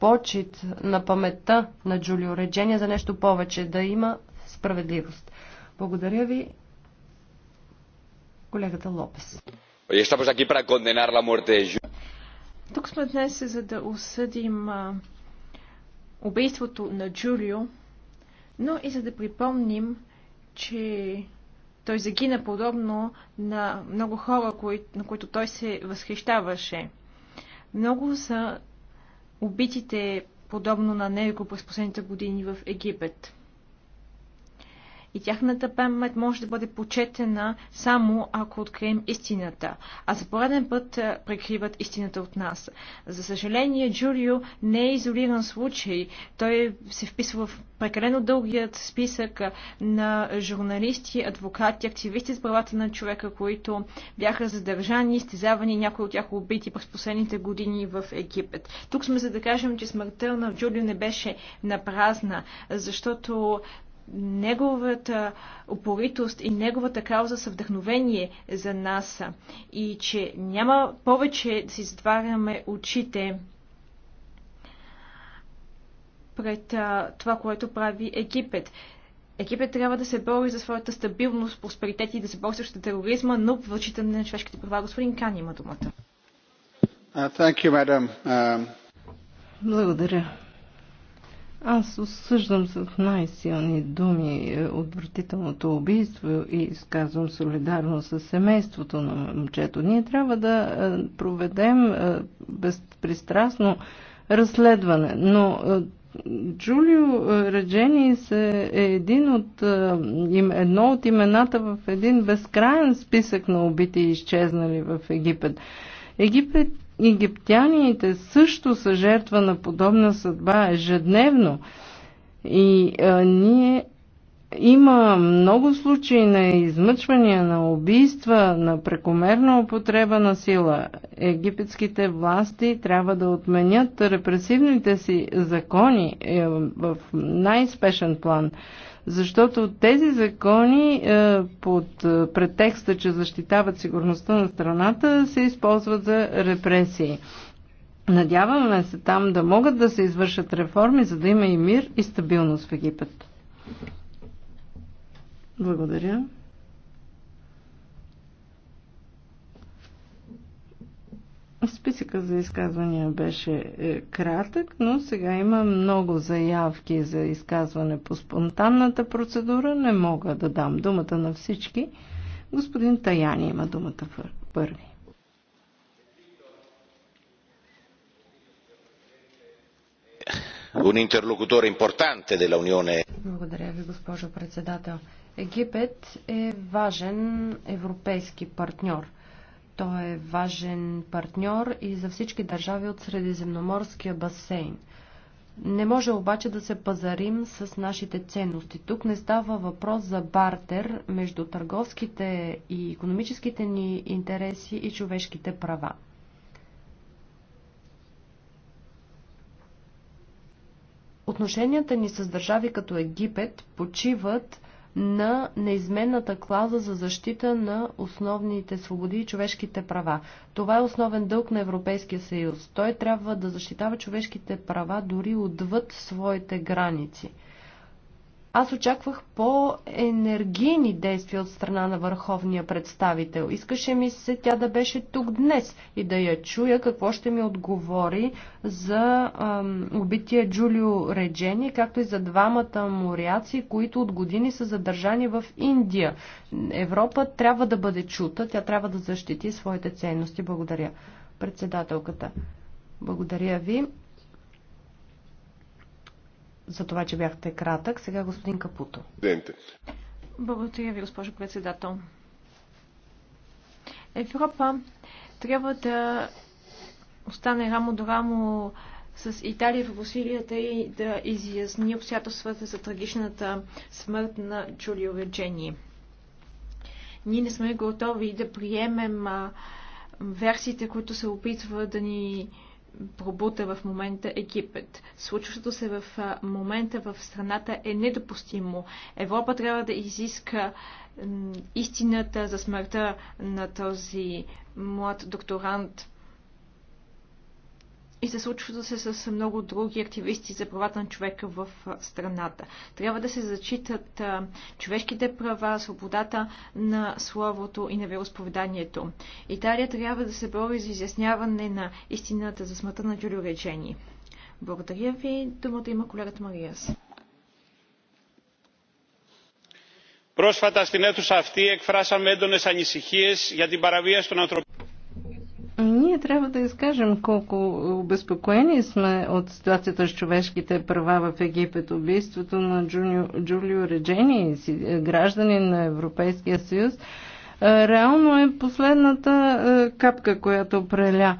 почет на паметта на Джулио Реджения за нещо повече, да има справедливост. Благодаря ви, колегата Лопес. Oye, estamos aquí para condenar la muerte de тук сме днес, за да осъдим убийството на Джулио, но и за да припомним, че той загина подобно на много хора, кои, на които той се възхищаваше. Много са убитите подобно на него през последните години в Египет и тяхната памет може да бъде почетена само ако открием истината, а за пореден път е, прикриват истината от нас. За съжаление, Джулио не е изолиран случай. Той се вписва в прекалено дългият списък е, на журналисти, адвокати, активисти с правата на човека, които бяха задържани, стезавани, някои от тях убити през последните години в Египет. Тук сме за да кажем, че смъртта на Джулио не беше напразна, защото неговата упоритост и неговата кауза са вдъхновение за нас и че няма повече да си затваряме очите пред а, това, което прави Египет. Египет трябва да се бори за своята стабилност, просперитет и да се бори срещу тероризма, но в на човешките права. Господин Кан има думата. Uh, you, uh... Благодаря. Аз осъждам с най-силни думи е, отвратителното убийство и изказвам солидарно с семейството на момчето. Ние трябва да е, проведем е, безпристрастно разследване, но Джулио Реджени е един от, едно от имената в един безкрайен списък на убити и изчезнали в Египет. Египет египтяните също са жертва на подобна съдба ежедневно. И а, ние има много случаи на измъчвания, на убийства, на прекомерна употреба на сила. Египетските власти трябва да отменят репресивните си закони е, в най-спешен план защото тези закони е, под е, претекста, че защитават сигурността на страната, се използват за репресии. Надяваме се там да могат да се извършат реформи, за да има и мир и стабилност в Египет. Благодаря. Списъка за изказвания беше е, кратък, но сега има много заявки за изказване по спонтанната процедура. Не мога да дам думата на всички. Господин Таяни има думата първи. Un interlocutore importante dell'Unione. Благодаря ви, госпожо председател. Египет е важен европейски партньор. Той е важен партньор и за всички държави от Средиземноморския басейн. Не може обаче да се пазарим с нашите ценности. Тук не става въпрос за бартер между търговските и економическите ни интереси и човешките права. Отношенията ни с държави като Египет почиват на неизменната клауза за защита на основните свободи и човешките права. Това е основен дълг на Европейския съюз. Той трябва да защитава човешките права дори отвъд своите граници. Аз очаквах по-енергийни действия от страна на върховния представител. Искаше ми се тя да беше тук днес и да я чуя какво ще ми отговори за ам, убития Джулио Реджени, както и за двамата моряци, които от години са задържани в Индия. Европа трябва да бъде чута, тя трябва да защити своите ценности. Благодаря. Председателката. Благодаря ви за това, че бяхте кратък. Сега господин Капуто. Благодаря ви, госпожо председател. Европа трябва да остане рамо до рамо с Италия в усилията и да изясни обстоятелствата за трагичната смърт на Джулио Реджени. Ние не сме готови да приемем версиите, които се опитва да ни пробута в момента Египет. Случващото се в момента в страната е недопустимо. Европа трябва да изиска истината за смъртта на този млад докторант и се да се с много други активисти за правата на човека в страната. Трябва да се зачитат човешките права, свободата на словото и на вероисповеданието. Италия трябва да се бори за изясняване на истината за смъртта на Джулио Речени. Благодаря ви. Думата има колегата Мариас. Πρόσφατα στην αίθουσα αυτή εκφράσαμε έντονες ανησυχίες για την παραβίαση των ανθρωπίνων ние трябва да изкажем колко обезпокоени сме от ситуацията с човешките права в Египет. Убийството на Джулио, Джулио Реджени, е, гражданин на Европейския съюз, е, реално е последната е, капка, която преля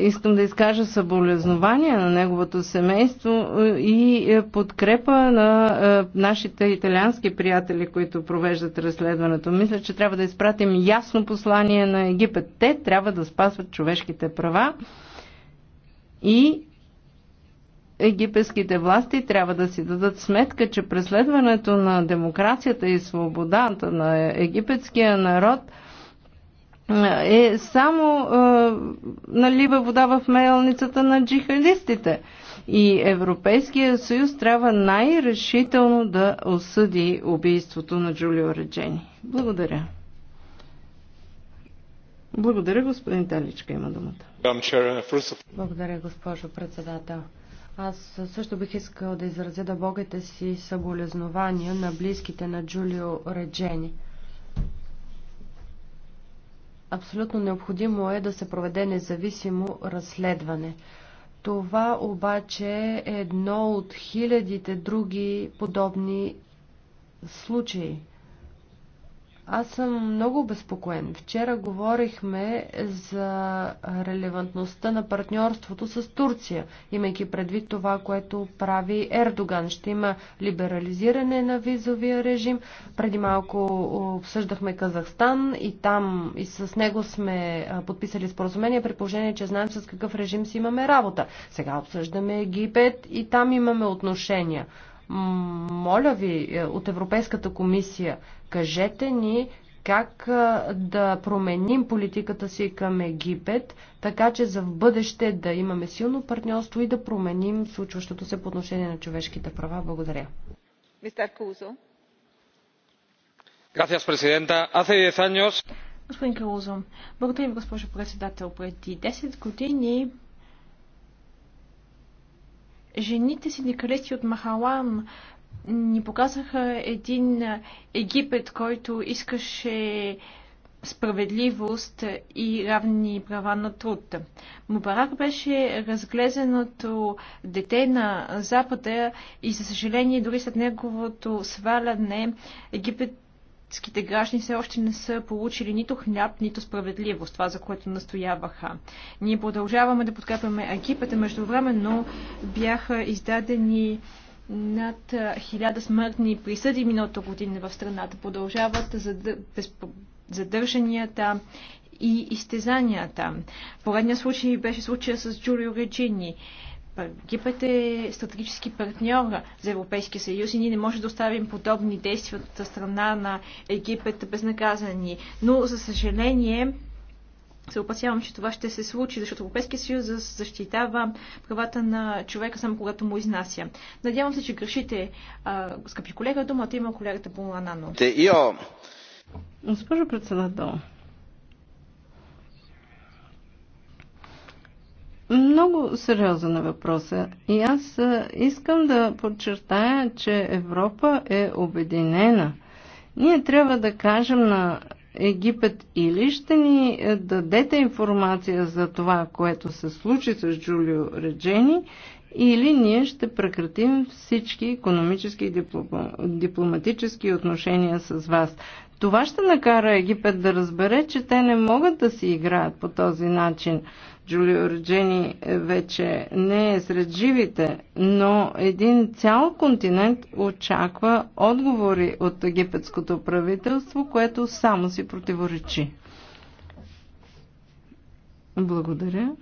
Искам да изкажа съболезнования на неговото семейство и е, подкрепа на нашите италиански приятели, които провеждат разследването. Мисля, че трябва да изпратим ясно послание на Египет. Те трябва да спасват човешките права и египетските власти трябва да си дадат сметка, че преследването на демокрацията и свободата на египетския народ – е само е, налива вода в мелницата на джихадистите. И Европейския съюз трябва най-решително да осъди убийството на Джулио Реджени. Благодаря. Благодаря, господин Таличка има думата. Uh, Благодаря, госпожо председател. Аз също бих искал да изразя дълбоките си съболезнования на близките на Джулио Реджени – Абсолютно необходимо е да се проведе независимо разследване. Това обаче е едно от хилядите други подобни случаи. Аз съм много безпокоен. Вчера говорихме за релевантността на партньорството с Турция, имайки предвид това, което прави Ердоган. Ще има либерализиране на визовия режим. Преди малко обсъждахме Казахстан и там и с него сме подписали споразумение при положение, че знаем с какъв режим си имаме работа. Сега обсъждаме Египет и там имаме отношения. Моля ви е, от Европейската комисия, кажете ни как е, да променим политиката си към Египет, така че за в бъдеще да имаме силно партньорство и да променим случващото се по отношение на човешките права. Благодаря. Господин Калузо, благодаря ви, госпожо председател. Преди 10 години Жените синдикалисти от Махалам ни показаха един Египет, който искаше справедливост и равни права на труд. Мубарак беше разглезеното дете на Запада и, за съжаление, дори след неговото сваляне, Египет Ските граждани все още не са получили нито хляб, нито справедливост, това за което настояваха. Ние продължаваме да подкрепяме екипата. Междувременно бяха издадени над хиляда смъртни присъди миналото година в страната. Продължават задържанията и изтезанията. Поредният случай беше случая с Джулио Реджини. Египет е стратегически партньор за Европейския съюз и ние не можем да оставим подобни действия от страна на Египет безнаказани. Но, за съжаление, се опасявам, че това ще се случи, защото Европейския съюз защитава правата на човека само когато му изнася. Надявам се, че грешите, скъпи колега, думата има колегата Буманано. Госпожо председател, Много сериозен е въпроса. И аз искам да подчертая, че Европа е обединена. Ние трябва да кажем на Египет или ще ни е, дадете информация за това, което се случи с Джулио Реджени, или ние ще прекратим всички економически и дипломатически отношения с вас. Това ще накара Египет да разбере, че те не могат да си играят по този начин. Джулио Реджени вече не е сред живите, но един цял континент очаква отговори от египетското правителство, което само си противоречи. Благодаря.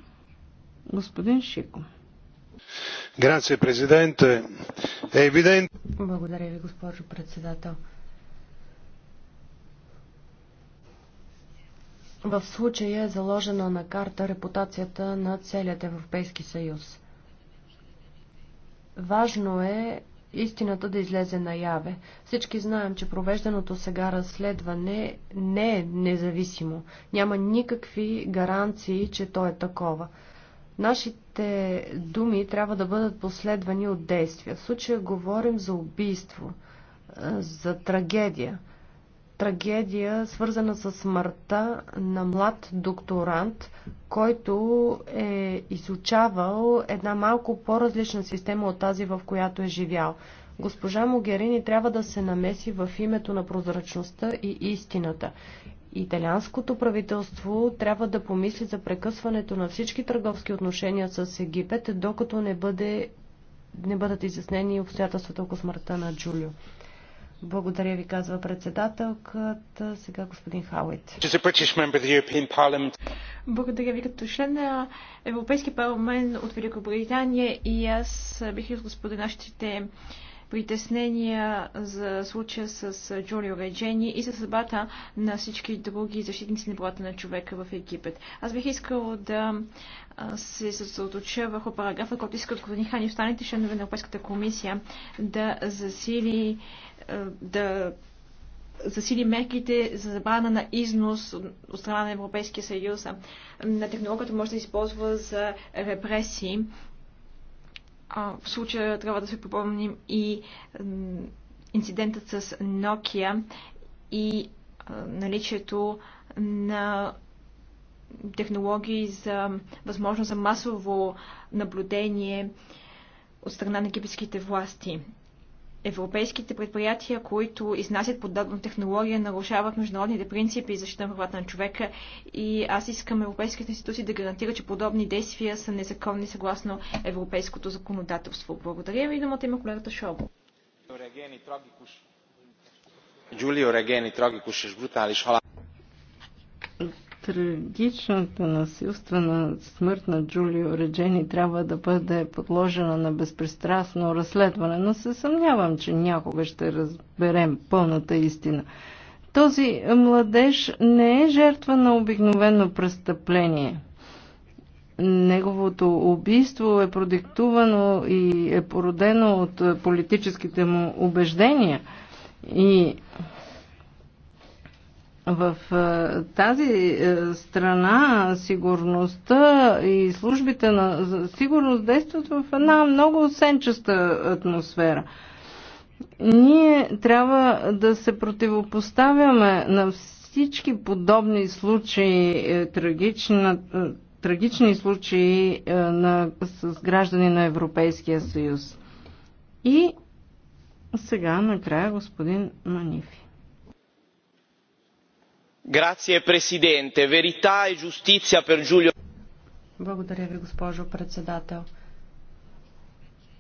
Господин Шико. Грация, президенте. Е Благодаря ви, госпожо председател. В случая е заложена на карта репутацията на целият Европейски съюз. Важно е истината да излезе наяве. Всички знаем, че провежданото сега разследване не е независимо. Няма никакви гаранции, че то е такова. Нашите думи трябва да бъдат последвани от действия. В случая говорим за убийство, за трагедия трагедия, свързана с смъртта на млад докторант, който е изучавал една малко по-различна система от тази, в която е живял. Госпожа Могерини трябва да се намеси в името на прозрачността и истината. Италианското правителство трябва да помисли за прекъсването на всички търговски отношения с Египет, докато не, бъде, не бъдат изяснени обстоятелствата около смъртта на Джулио. Благодаря ви, казва председателката. Сега господин Хауит. Благодаря ви. Като член на Европейски парламент от Великобритания и аз бих изгосподеля нашите притеснения за случая с Джулио Реджени и за съдбата на всички други защитници на правата на човека в Египет. Аз бих искал да се съсредоточа върху параграфа, който иска от господин Хани останалите членове на Европейската комисия да засили е, да засили мерките за забрана на износ от страна на Европейския съюз на технологията може да се използва за репресии. В случая трябва да се попомним и инцидентът с Nokia и наличието на технологии за възможност за масово наблюдение от страна на египетските власти европейските предприятия, които изнасят подобна технология, нарушават международните принципи и защита на правата на човека. И аз искам европейските институции да гарантира, че подобни действия са незаконни съгласно европейското законодателство. Благодаря ви. Думата има колегата Шобо. Giulio Regeni tragikus és brutális трагичната насилствена смърт на Джулио Реджени трябва да бъде подложена на безпристрастно разследване, но се съмнявам, че някога ще разберем пълната истина. Този младеж не е жертва на обикновено престъпление. Неговото убийство е продиктувано и е породено от политическите му убеждения. И в е, тази е, страна сигурността и службите на сигурност действат в една много сенчеста атмосфера. Ние трябва да се противопоставяме на всички подобни случаи, е, трагична, трагични случаи на, с граждани на Европейския съюз. И сега накрая господин Манифи signor presidente Верита и юстиция пер Джулио. Благодаря ви, госпожо председател.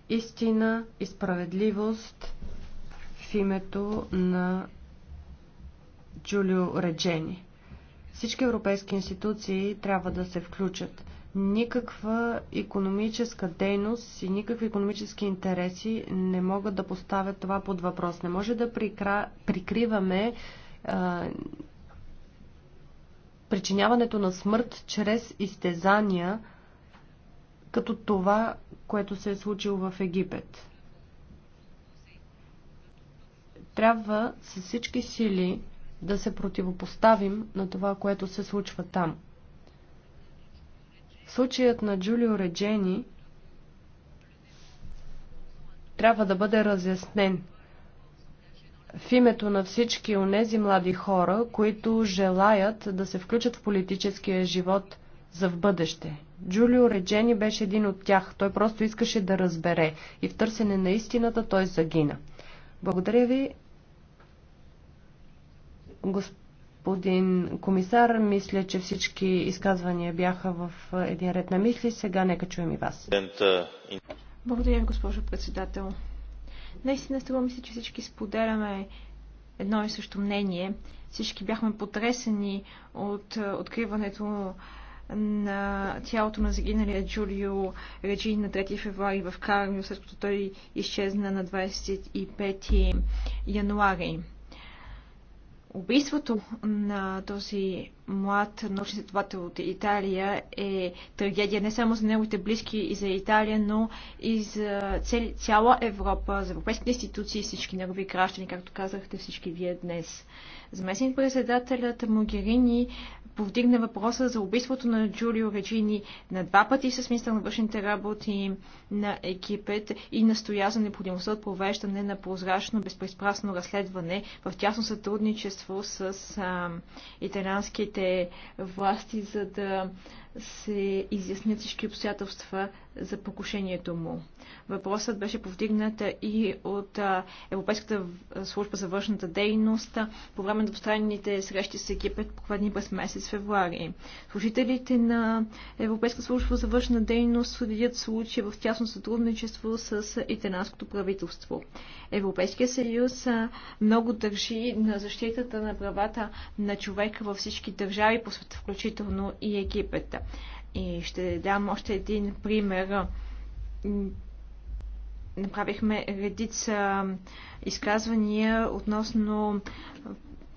Истина и справедливост в името на Джулио Реджени. Всички европейски институции трябва да се включат. Никаква економическа дейност и никакви економически интереси не могат да поставят това под въпрос. Не може да прикра... прикриваме а, причиняването на смърт чрез изтезания, като това, което се е случило в Египет. Трябва с всички сили да се противопоставим на това, което се случва там. Случаят на Джулио Реджени трябва да бъде разяснен – в името на всички онези млади хора, които желаят да се включат в политическия живот за в бъдеще. Джулио Реджени беше един от тях. Той просто искаше да разбере и в търсене на истината той загина. Благодаря ви, господин комисар. Мисля, че всички изказвания бяха в един ред на мисли. Сега нека чуем и вас. Благодаря ви, госпожо председател. Наистина струва ми се, че всички споделяме едно и също мнение. Всички бяхме потресени от е, откриването на тялото на загиналия Джулио Реджи на 3 февруари в Карамио, след като той изчезна на 25 януари. Убийството на този млад научен изследовател от Италия е трагедия не само за неговите близки и за Италия, но и за цяла Европа, за европейските институции и всички негови граждани, както казахте всички вие днес. Заместник председателят Могерини повдигна въпроса за убийството на Джулио Реджини на два пъти с министър на външните работи на Египет и настоя за необходимостта от провеждане на прозрачно, безпристрастно разследване в тясно сътрудничество с а, местните власти, за да се изяснят всички обстоятелства за покушението му. Въпросът беше повдигнат и от Европейската служба за външната дейност по време на двустранните срещи с Египет, проведени през месец февруари. Служителите на Европейска служба за външна дейност следят случаи в тясно сътрудничество с италянското правителство. Европейския съюз много държи на защитата на правата на човека във всички държави по света, включително и Египет. И ще дам още един пример. Направихме редица изказвания относно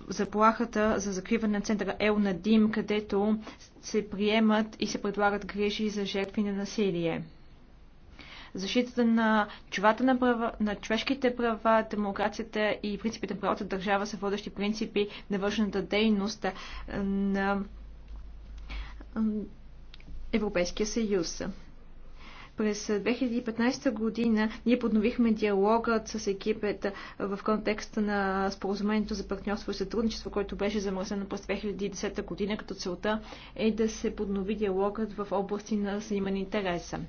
заплахата за закриване на центъра Ел на Дим, където се приемат и се предлагат грижи за жертви на насилие. Защитата на, чувата на, права, на човешките права, демокрацията и принципите на правата държава са водещи принципи на външната дейност на Европейския съюз. През 2015 година ние подновихме диалогът с Екипета в контекста на споразумението за партньорство и сътрудничество, който беше замръсено през 2010 година, като целта е да се поднови диалогът в области на взаимен интереса.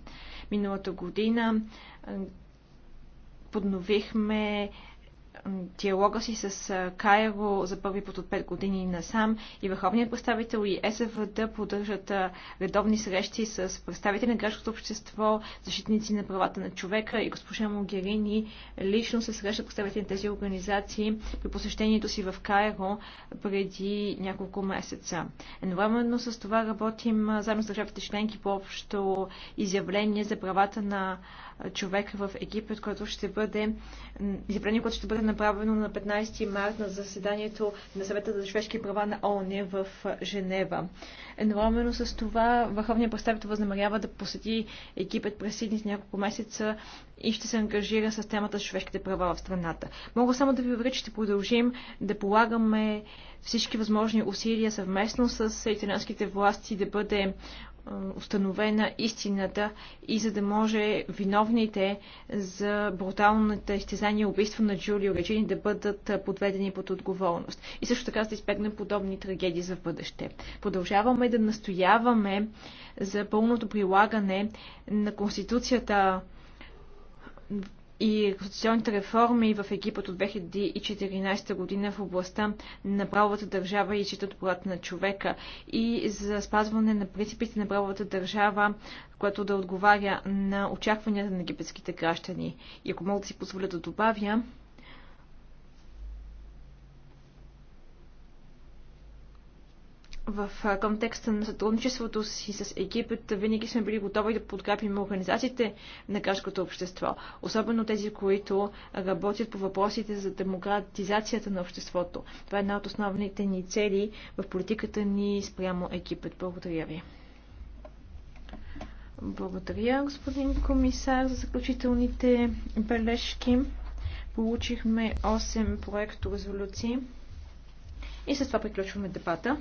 Миналата година подновихме диалога си с Кайро за първи път от 5 години насам и върховният представител и СВД поддържат редовни срещи с представители на гражданското общество, защитници на правата на човека и госпожа Могерини лично се срещат представители на тези организации при посещението си в Кайро преди няколко месеца. Едновременно с това работим заедно с държавите членки по общо изявление за правата на човека в Египет, който ще бъде Избрание, което ще бъде направено на 15 март на заседанието на съвета за човешки права на ООН в Женева. Едновременно с това върховният представител възнамерява да посети Египет през с няколко месеца и ще се ангажира с темата за човешките права в страната. Мога само да ви уверя, че ще продължим да полагаме всички възможни усилия съвместно с италианските власти да бъде установена истината и за да може виновните за бруталната изтезание и убийство на Джулио Реджини да бъдат подведени под отговорност. И също така да избегнем подобни трагедии за бъдеще. Продължаваме да настояваме за пълното прилагане на Конституцията и конституционните реформи в Египет от 2014 година в областта на правовата държава и защита правата на човека и за спазване на принципите на правовата държава, което да отговаря на очакванията на египетските граждани. И ако мога да си позволя да добавя, в контекста на сътрудничеството си с Египет винаги сме били готови да подкрепим организациите на гражданското общество, особено тези, които работят по въпросите за демократизацията на обществото. Това е една от основните ни цели в политиката ни спрямо Египет. Благодаря ви. Благодаря, господин комисар, за заключителните бележки. Получихме 8 проекто резолюции. И с това приключваме дебата.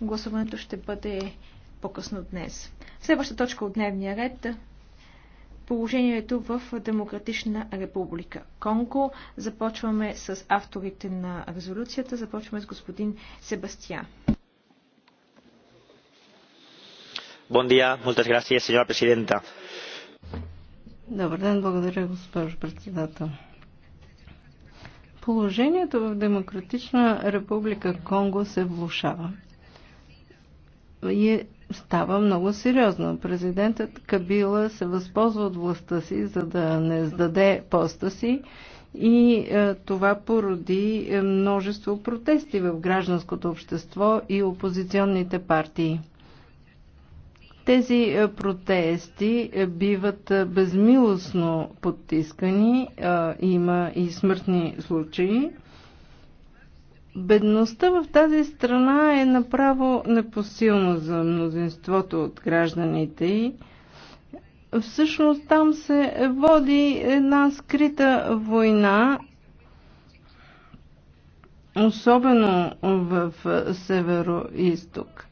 Гласуването ще бъде по-късно днес. Следваща точка от дневния ред положението в Демократична република Конго. Започваме с авторите на резолюцията. Започваме с господин Себастиан. Bon dia, moltes gràcies, senyora presidenta. Добър ден, благодаря, госпожо председател. Положението в Демократична република Конго се влушава. И е, става много сериозно. Президентът Кабила се възползва от властта си, за да не сдаде поста си и е, това породи е, множество протести в гражданското общество и опозиционните партии. Тези е, протести биват безмилостно подтискани, има и смъртни случаи. Бедността в тази страна е направо непосилна за мнозинството от гражданите и всъщност там се води една скрита война, особено в северо-исток.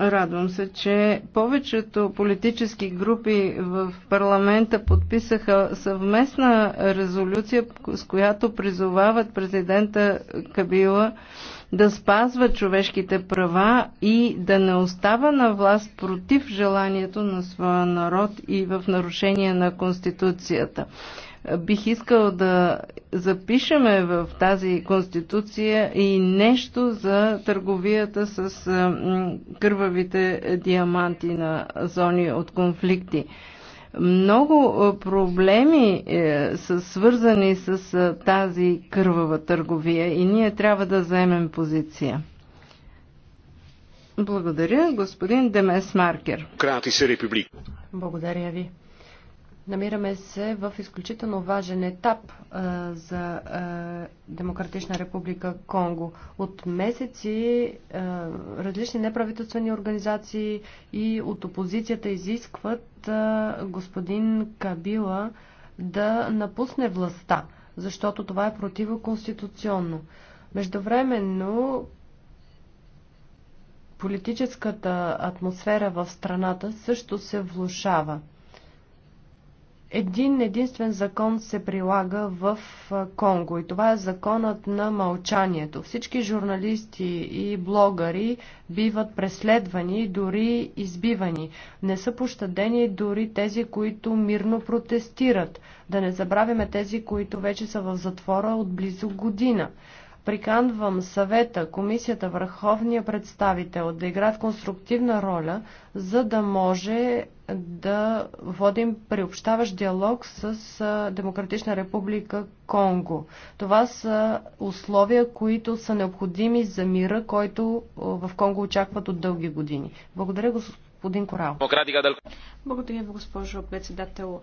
Радвам се, че повечето политически групи в парламента подписаха съвместна резолюция, с която призовават президента Кабила да спазва човешките права и да не остава на власт против желанието на своя народ и в нарушение на Конституцията. Бих искал да запишеме в тази конституция и нещо за търговията с кървавите диаманти на зони от конфликти много проблеми е, са свързани с тази кървава търговия и ние трябва да заемем позиция. Благодаря, господин Демес Маркер. Благодаря ви. Намираме се в изключително важен етап а, за а, Демократична република Конго. От месеци а, различни неправителствени организации и от опозицията изискват а, господин Кабила да напусне властта, защото това е противоконституционно. Междувременно политическата атмосфера в страната също се влушава един единствен закон се прилага в Конго и това е законът на мълчанието. Всички журналисти и блогъри биват преследвани, дори избивани. Не са пощадени дори тези, които мирно протестират. Да не забравяме тези, които вече са в затвора от близо година. Приканвам съвета, комисията, върховния представител да играят конструктивна роля, за да може да водим приобщаващ диалог с Демократична република Конго. Това са условия, които са необходими за мира, който в Конго очакват от дълги години. Благодаря, господин Корал. Благодаря, госпожо председател.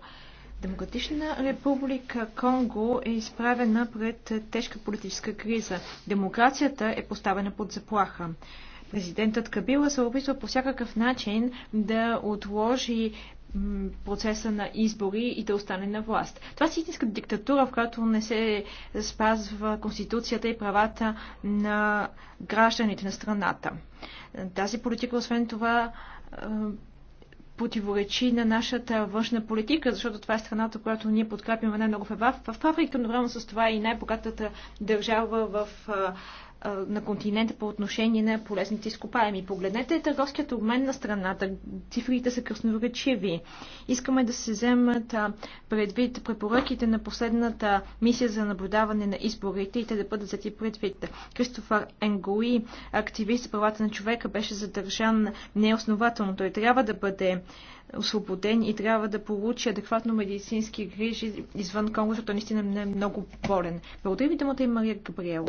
Демократична република Конго е изправена пред тежка политическа криза. Демокрацията е поставена под заплаха. Президентът Кабила се опитва по всякакъв начин да отложи процеса на избори и да остане на власт. Това си истинска диктатура, в която не се спазва конституцията и правата на гражданите на страната. Тази политика, освен това, противоречи на нашата външна политика, защото това е страната, която ние подкрепяме най-много в Африка, но време с това е и най-богатата държава в на континента по отношение на полезните изкопаеми. Погледнете търговският обмен на страната. Цифрите са красноречиви. Искаме да се вземат предвид препоръките на последната мисия за наблюдаване на изборите и те да бъдат взети предвид. Кристофър Енгои, активист за правата на човека, беше задържан неоснователно. Той трябва да бъде освободен и трябва да получи адекватно медицински грижи извън Конго, защото наистина не е много болен. Благодаря ви, думата и Мария Габриел.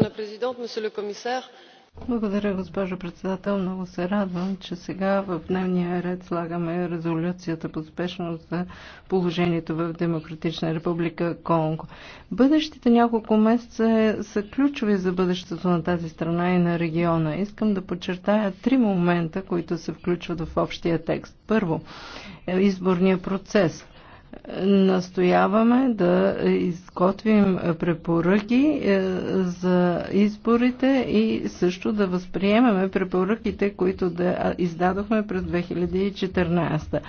Благодаря, госпожо председател. Много се радвам, че сега в дневния ред слагаме резолюцията по спешност за положението в Демократична република Конго. Бъдещите няколко месеца е- са ключови за бъдещето на тази страна и на региона. Искам да подчертая три момента, които се включват в общия текст. Първо, е, изборния процес настояваме да изготвим препоръки е, за изборите и също да възприемеме препоръките, които да издадохме през 2014.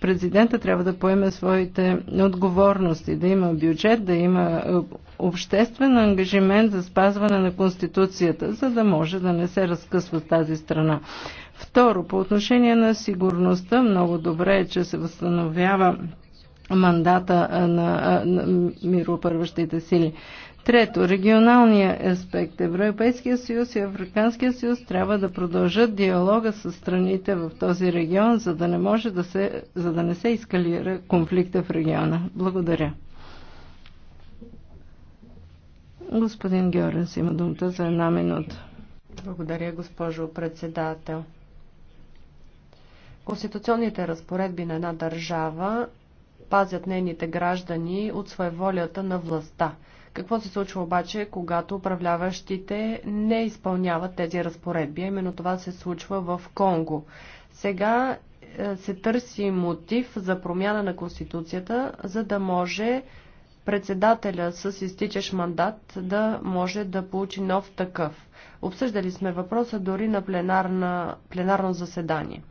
Президента трябва да поеме своите отговорности, да има бюджет, да има е, обществен ангажимент за спазване на Конституцията, за да може да не се разкъсва тази страна. Второ, по отношение на сигурността, много добре е, че се възстановява мандата на, на миропърващите сили. Трето, регионалния аспект. Европейския съюз и Африканския съюз трябва да продължат диалога с страните в този регион, за да не може да се, за да не се ескалира конфликта в региона. Благодаря. Господин Георенс има думата за една минута. Благодаря, госпожо председател. Конституционните разпоредби на една държава пазят нейните граждани от своеволията на властта. Какво се случва обаче, когато управляващите не изпълняват тези разпоредби? Именно това се случва в Конго. Сега е, се търси мотив за промяна на Конституцията, за да може председателя с изтичащ мандат да може да получи нов такъв. Обсъждали сме въпроса дори на пленарно заседание.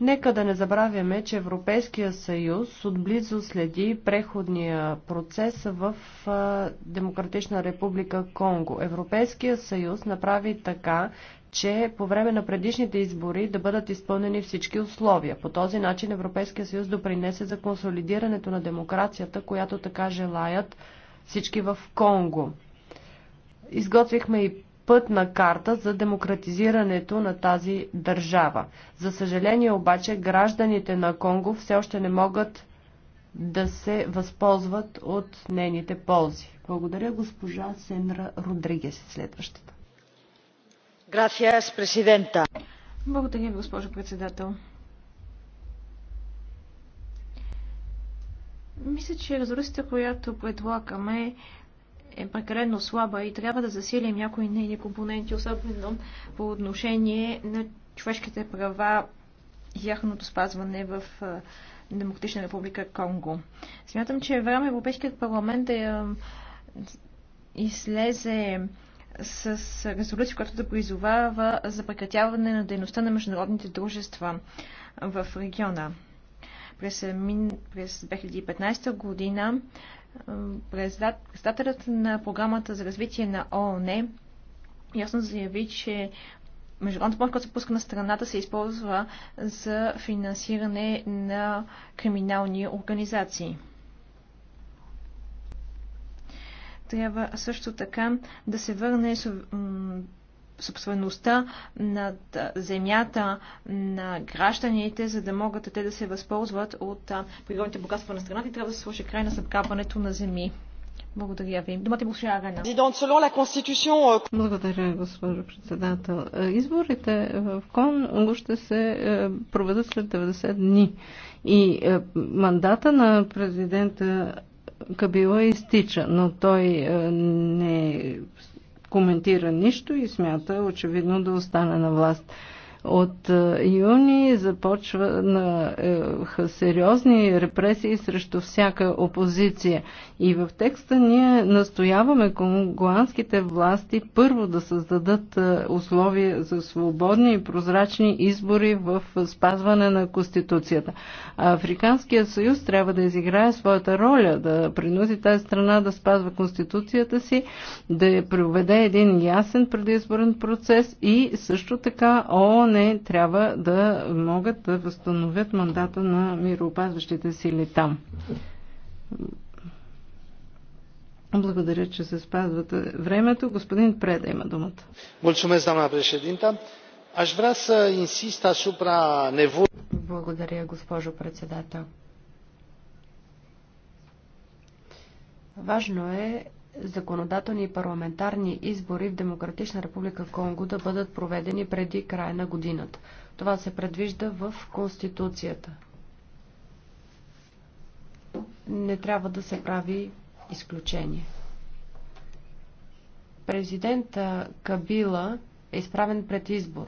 Нека да не забравяме, че Европейския съюз отблизо следи преходния процес в Демократична република Конго. Европейския съюз направи така, че по време на предишните избори да бъдат изпълнени всички условия. По този начин Европейския съюз допринесе за консолидирането на демокрацията, която така желаят всички в Конго. Изготвихме и пътна карта за демократизирането на тази държава. За съжаление обаче гражданите на Конго все още не могат да се възползват от нейните ползи. Благодаря госпожа Сенра Родригес, следващата. Gracias, президента. Благодаря, госпожо председател. Мисля, че резолюцията, която предлагаме, е е прекалено слаба и трябва да засилим някои нейни компоненти, особено по отношение на човешките права и яхното спазване в Демократична република Конго. Смятам, че е време Европейският парламент да излезе с резолюция, която да призовава за прекратяване на дейността на международните дружества в региона. през 2015 година Председателят на програмата за развитие на ООН ясно заяви, че международната помощ, която се пуска на страната, се използва за финансиране на криминални организации. Трябва също така да се върне собствеността над земята на гражданите, за да могат те да се възползват от природните богатства на страната и трябва да се сложи край на съпкапването на земи. Благодаря ви. Думата госпожа Арена. Euh, Благодаря, госпожо председател. Е, изборите в Кон ще се е, проведат след 90 дни. И е, мандата на президента Кабила изтича, но той не коментира нищо и смята очевидно да остане на власт. От е, юни започнаха е, сериозни репресии срещу всяка опозиция. И в текста ние настояваме конгуанските власти първо да създадат е, условия за свободни и прозрачни избори в спазване на Конституцията. Африканският съюз трябва да изиграе своята роля, да принуди тази страна да спазва Конституцията си, да проведе един ясен предизборен процес и също така ООН не трябва да могат да възстановят мандата на мироопазващите сили там. Благодаря, че се спазвате времето. Господин Преда има думата. Mulțumesc, doamna președintă. Aș vrea са инсиста супра неву... Благодаря, госпожо председател. Важно е законодателни и парламентарни избори в Демократична република Конго да бъдат проведени преди края на годината. Това се предвижда в Конституцията. Не трябва да се прави изключение. Президента Кабила е изправен пред избор.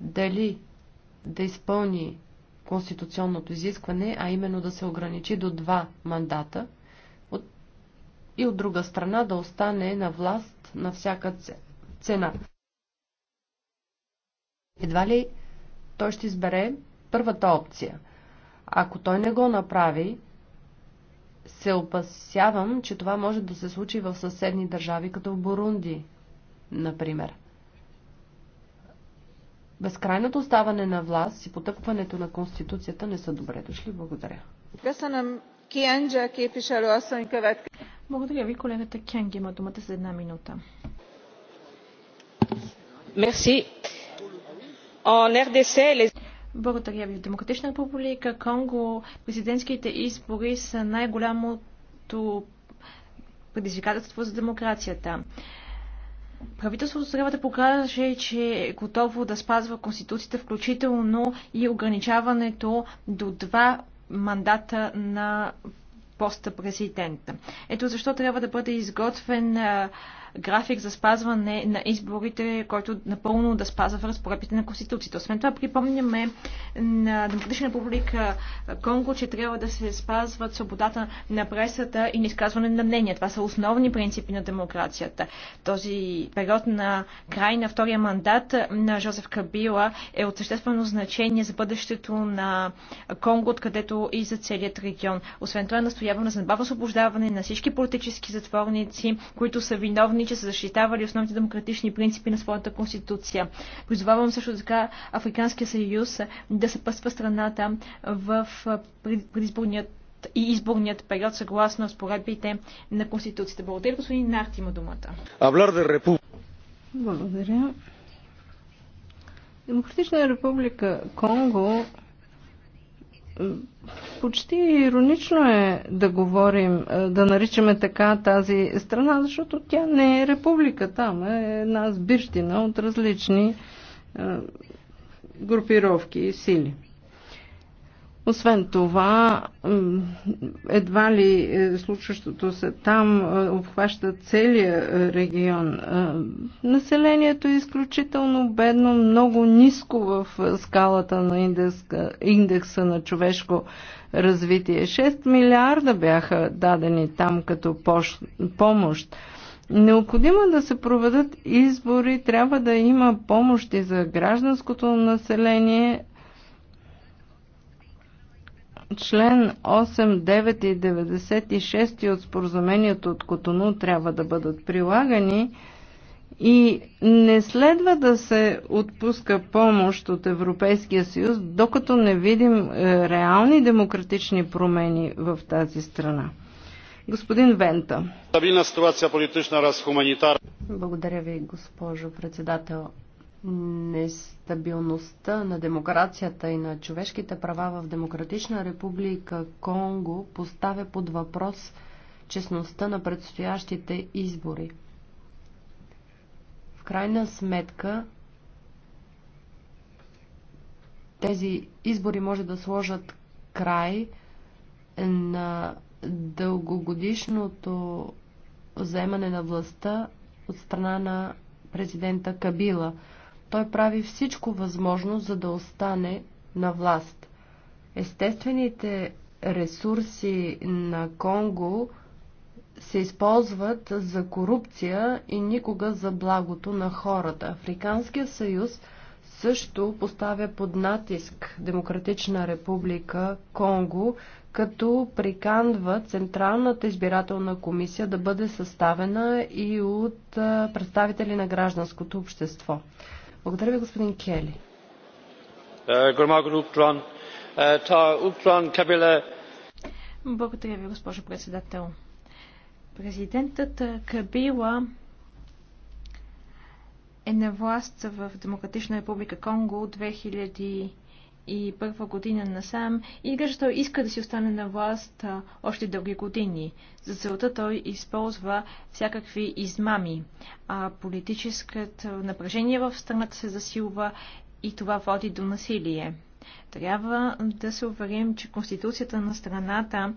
Дали да изпълни конституционното изискване, а именно да се ограничи до два мандата – и от друга страна да остане на власт на всяка цена. Едва ли той ще избере първата опция. Ако той не го направи, се опасявам, че това може да се случи в съседни държави, като в Бурунди, например. Безкрайното оставане на власт и потъпването на Конституцията не са добре дошли. Благодаря. Благодаря ви, колегата Кенг има думата за една минута. Благодаря ви. В Демократична република Конго президентските избори са най-голямото предизвикателство за демокрацията. Правителството трябва да покаже, че е готово да спазва Конституцията, включително и ограничаването до два мандата на поста президента. Ето защо трябва да бъде изготвен график за спазване на изборите, който напълно да спазва в разпоредбите на Конституцията. Освен това припомняме на Демократична република Конго, че трябва да се спазват свободата на пресата и на изказване на мнения. Това са основни принципи на демокрацията. Този период на край на втория мандат на Жозеф Кабила е от съществено значение за бъдещето на Конго, откъдето и за целият регион. Освен това настояваме за забавно освобождаване на всички политически затворници, които са виновни страни, че са защитавали основните демократични принципи на своята конституция. Призовавам също така Африканския съюз да пъства страната в предизборният и изборният период съгласно поредбите на Конституцията. Благодаря, господин Нарт има думата. Благодаря. Демократична република Конго почти иронично е да говорим, е, да наричаме така тази страна, защото тя не е република там, е една сбирщина от различни е, групировки и сили. Освен това, едва ли е, случващото се там е, обхваща целия е, регион. Населението е изключително бедно, много ниско в скалата на индекса, индекса на човешко развитие. 6 милиарда бяха дадени там като помощ. Необходимо да се проведат избори, трябва да има помощи за гражданското население, Член 8, 9 и 96 от споразумението от Котону трябва да бъдат прилагани и не следва да се отпуска помощ от Европейския съюз, докато не видим е, реални демократични промени в тази страна. Господин Вента. Стабилна ситуация политична раз хуманитар. Благодаря ви, госпожо председател. Не стабилността на демокрацията и на човешките права в Демократична република Конго поставя под въпрос честността на предстоящите избори. В крайна сметка тези избори може да сложат край на дългогодишното заемане на властта от страна на президента Кабила. Той прави всичко възможно, за да остане на власт. Естествените ресурси на Конго се използват за корупция и никога за благото на хората. Африканския съюз също поставя под натиск Демократична република Конго, като приканва Централната избирателна комисия да бъде съставена и от представители на гражданското общество. Благодаря ви, господин Кели. Е, е, Благодаря ви, госпожо председател. Президентът Кабила е на власт в Демократична република Конго от 2000 и първа година насам и той иска да си остане на власт а, още дълги години. За целта той използва всякакви измами, а политическото напрежение в страната се засилва и това води до насилие. Трябва да се уверим, че конституцията на страната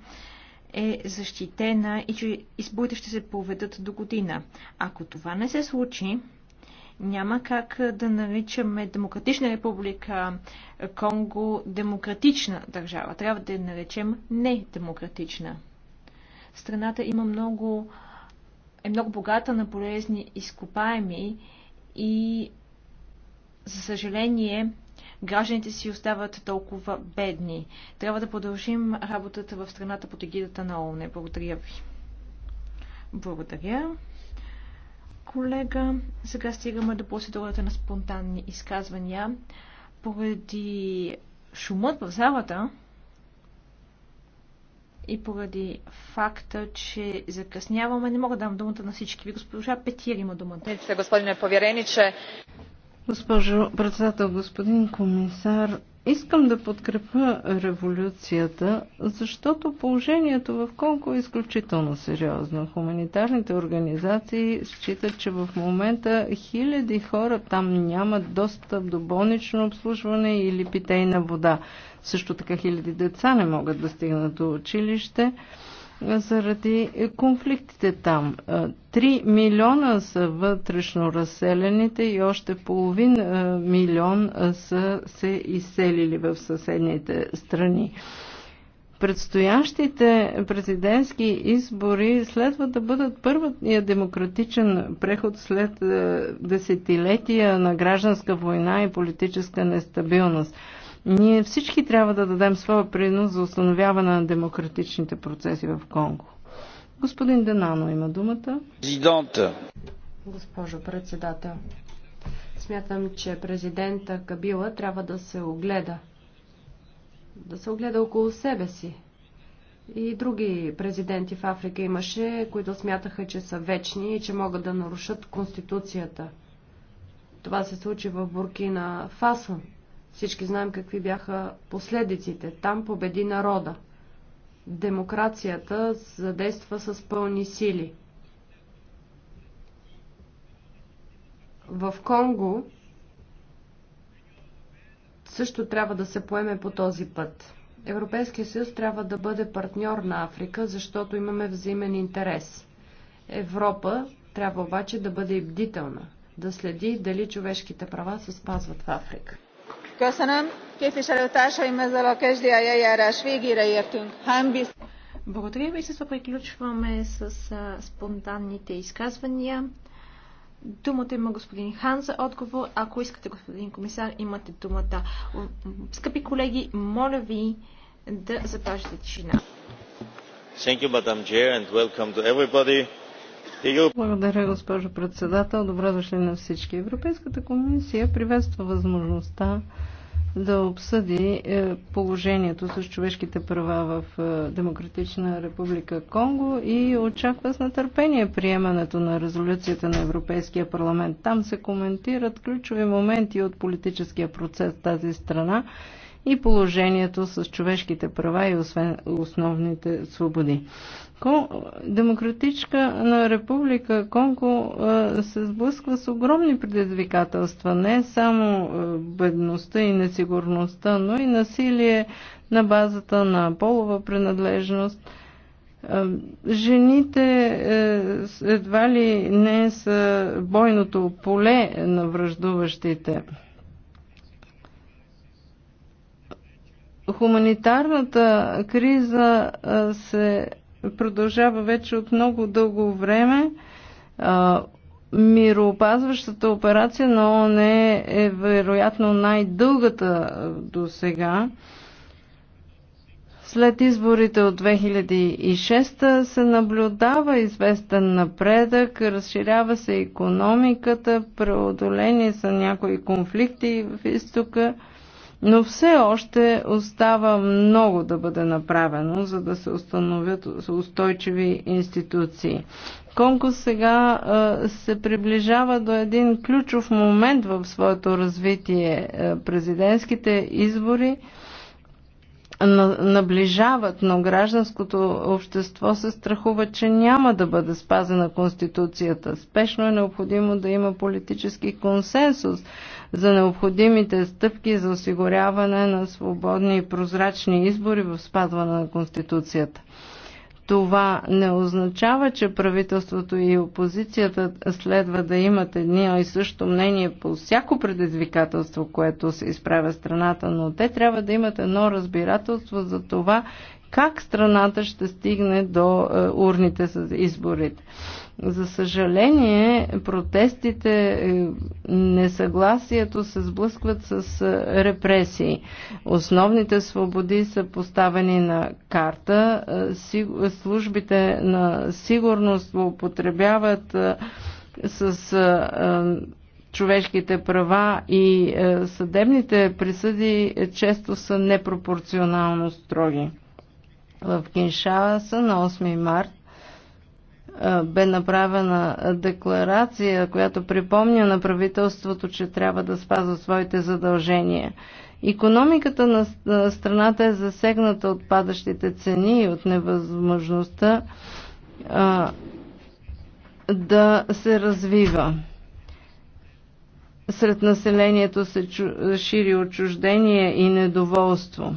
е защитена и че изборите ще се поведат до година. Ако това не се случи, няма как да наричаме Демократична република Конго демократична държава. Трябва да я наречем недемократична. Страната има много, е много богата на полезни изкопаеми и за съжаление гражданите си остават толкова бедни. Трябва да продължим работата в страната под егидата на ООН. Благодаря ви. Благодаря колега. Сега стигаме до процедурата на спонтанни изказвания. Поради шумът в залата и поради факта, че закъсняваме, не мога да дам думата на всички ви. Госпожа Петир има думата. Господине Поверениче. Госпожо председател, господин комисар, Искам да подкрепя революцията, защото положението в Конго е изключително сериозно. Хуманитарните организации считат, че в момента хиляди хора там нямат достъп до болнично обслужване или питейна вода. Също така хиляди деца не могат да стигнат до училище заради конфликтите там. 3 милиона са вътрешно разселените и още половин милион са се изселили в съседните страни. Предстоящите президентски избори следва да бъдат първият демократичен преход след десетилетия на гражданска война и политическа нестабилност. Ние всички трябва да дадем своя принос за установяване на демократичните процеси в Конго. Господин Денано има думата. Президента. Госпожо председател, смятам, че президента Кабила трябва да се огледа. Да се огледа около себе си. И други президенти в Африка имаше, които смятаха, че са вечни и че могат да нарушат конституцията. Това се случи в Буркина Фасо. Всички знаем какви бяха последиците. Там победи народа. Демокрацията задейства с пълни сили. В Конго също трябва да се поеме по този път. Европейския съюз трябва да бъде партньор на Африка, защото имаме взаимен интерес. Европа трябва обаче да бъде и бдителна, да следи дали човешките права се спазват в Африка. Благодаря ви. С това приключваме с спонтанните изказвания. Думата има господин Хан за отговор. Ако искате, господин комисар, имате думата. Скъпи колеги, моля ви да запазите тишина. Thank you, Madam Chair, and welcome to everybody. Благодаря, госпожо председател. Добре дошли на всички. Европейската комисия приветства възможността да обсъди е, положението с човешките права в е, Демократична република Конго и очаква с нетърпение приемането на резолюцията на Европейския парламент. Там се коментират ключови моменти от политическия процес в тази страна и положението с човешките права и основните свободи. Демократичка на република Конго се сблъсква с огромни предизвикателства, не само бедността и несигурността, но и насилие на базата на полова принадлежност. Жените е, едва ли не са бойното поле на връждуващите. Хуманитарната криза се продължава вече от много дълго време. Мироопазващата операция на ООН е, е вероятно най-дългата до сега. След изборите от 2006 се наблюдава известен напредък, разширява се економиката, преодолени са някои конфликти в изтока но все още остава много да бъде направено, за да се установят устойчиви институции. Конкурс сега се приближава до един ключов момент в своето развитие. Президентските избори наближават, но гражданското общество се страхува, че няма да бъде спазена Конституцията. Спешно е необходимо да има политически консенсус за необходимите стъпки за осигуряване на свободни и прозрачни избори в спазване на Конституцията. Това не означава, че правителството и опозицията следва да имат едно и също мнение по всяко предизвикателство, което се изправя страната, но те трябва да имат едно разбирателство за това как страната ще стигне до е, урните с изборите. За съжаление, протестите, е, несъгласието се сблъскват с е, репресии. Основните свободи са поставени на карта. Е, службите на сигурност употребяват с човешките права и съдебните присъди често са непропорционално строги. В Киншаса на 8 март бе направена декларация, която припомня на правителството, че трябва да спазва своите задължения. Економиката на страната е засегната от падащите цени и от невъзможността а, да се развива. Сред населението се чу, шири отчуждение и недоволство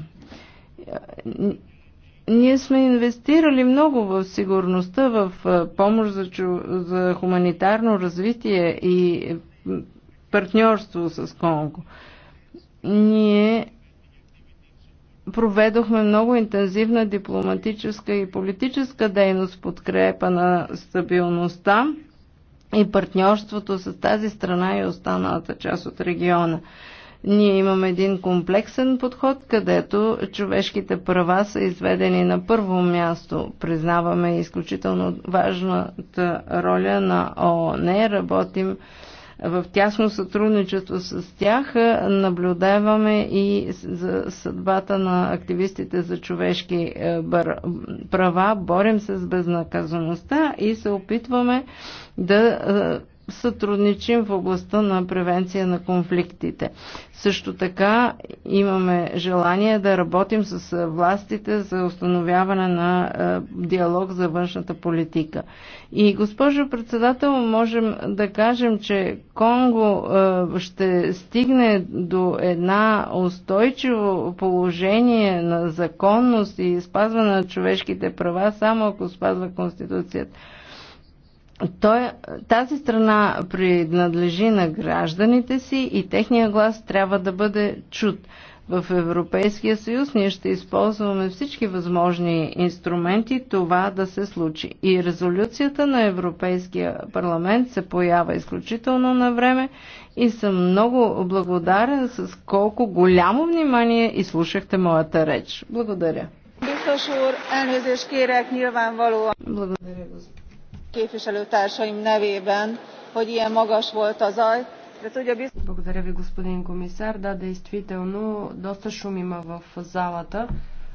ние сме инвестирали много в сигурността, в помощ за, чу... за хуманитарно развитие и партньорство с Конго. Ние проведохме много интензивна дипломатическа и политическа дейност в подкрепа на стабилността и партньорството с тази страна и останалата част от региона. Ние имаме един комплексен подход, където човешките права са изведени на първо място. Признаваме изключително важната роля на ООН, работим в тясно сътрудничество с тях наблюдаваме и за съдбата на активистите за човешки е, права, борим се с безнаказаността и се опитваме да е, сътрудничим в областта на превенция на конфликтите. Също така имаме желание да работим с властите за установяване на диалог за външната политика. И госпожо председател, можем да кажем, че Конго ще стигне до една устойчиво положение на законност и спазване на човешките права, само ако спазва Конституцията той, тази страна принадлежи на гражданите си и техния глас трябва да бъде чут. В Европейския съюз ние ще използваме всички възможни инструменти това да се случи. И резолюцията на Европейския парламент се поява изключително на време и съм много благодарен с колко голямо внимание и слушахте моята реч. Благодаря. Благодаря, господин képviselőtársaim nevében, hogy ilyen magas volt a zaj. Благодаря ви, господин комисар. Да, действително, доста шум има в залата.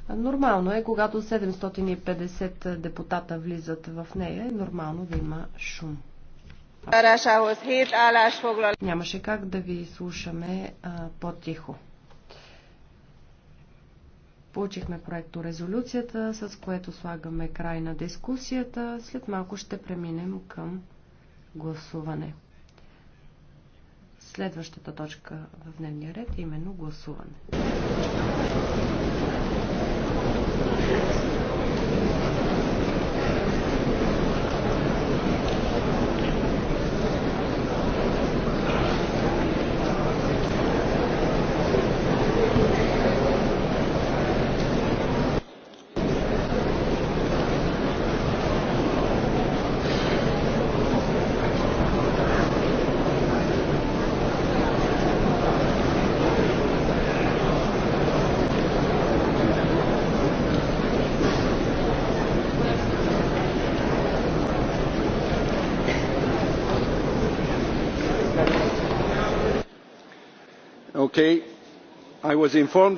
Нормално е, когато 750 депутата влизат в нея, е нормално да има шум. Нямаше как да ви слушаме по-тихо. Получихме проекто резолюцията, с което слагаме край на дискусията. След малко ще преминем към гласуване. Следващата точка в дневния ред е именно гласуване. i was informed that the commission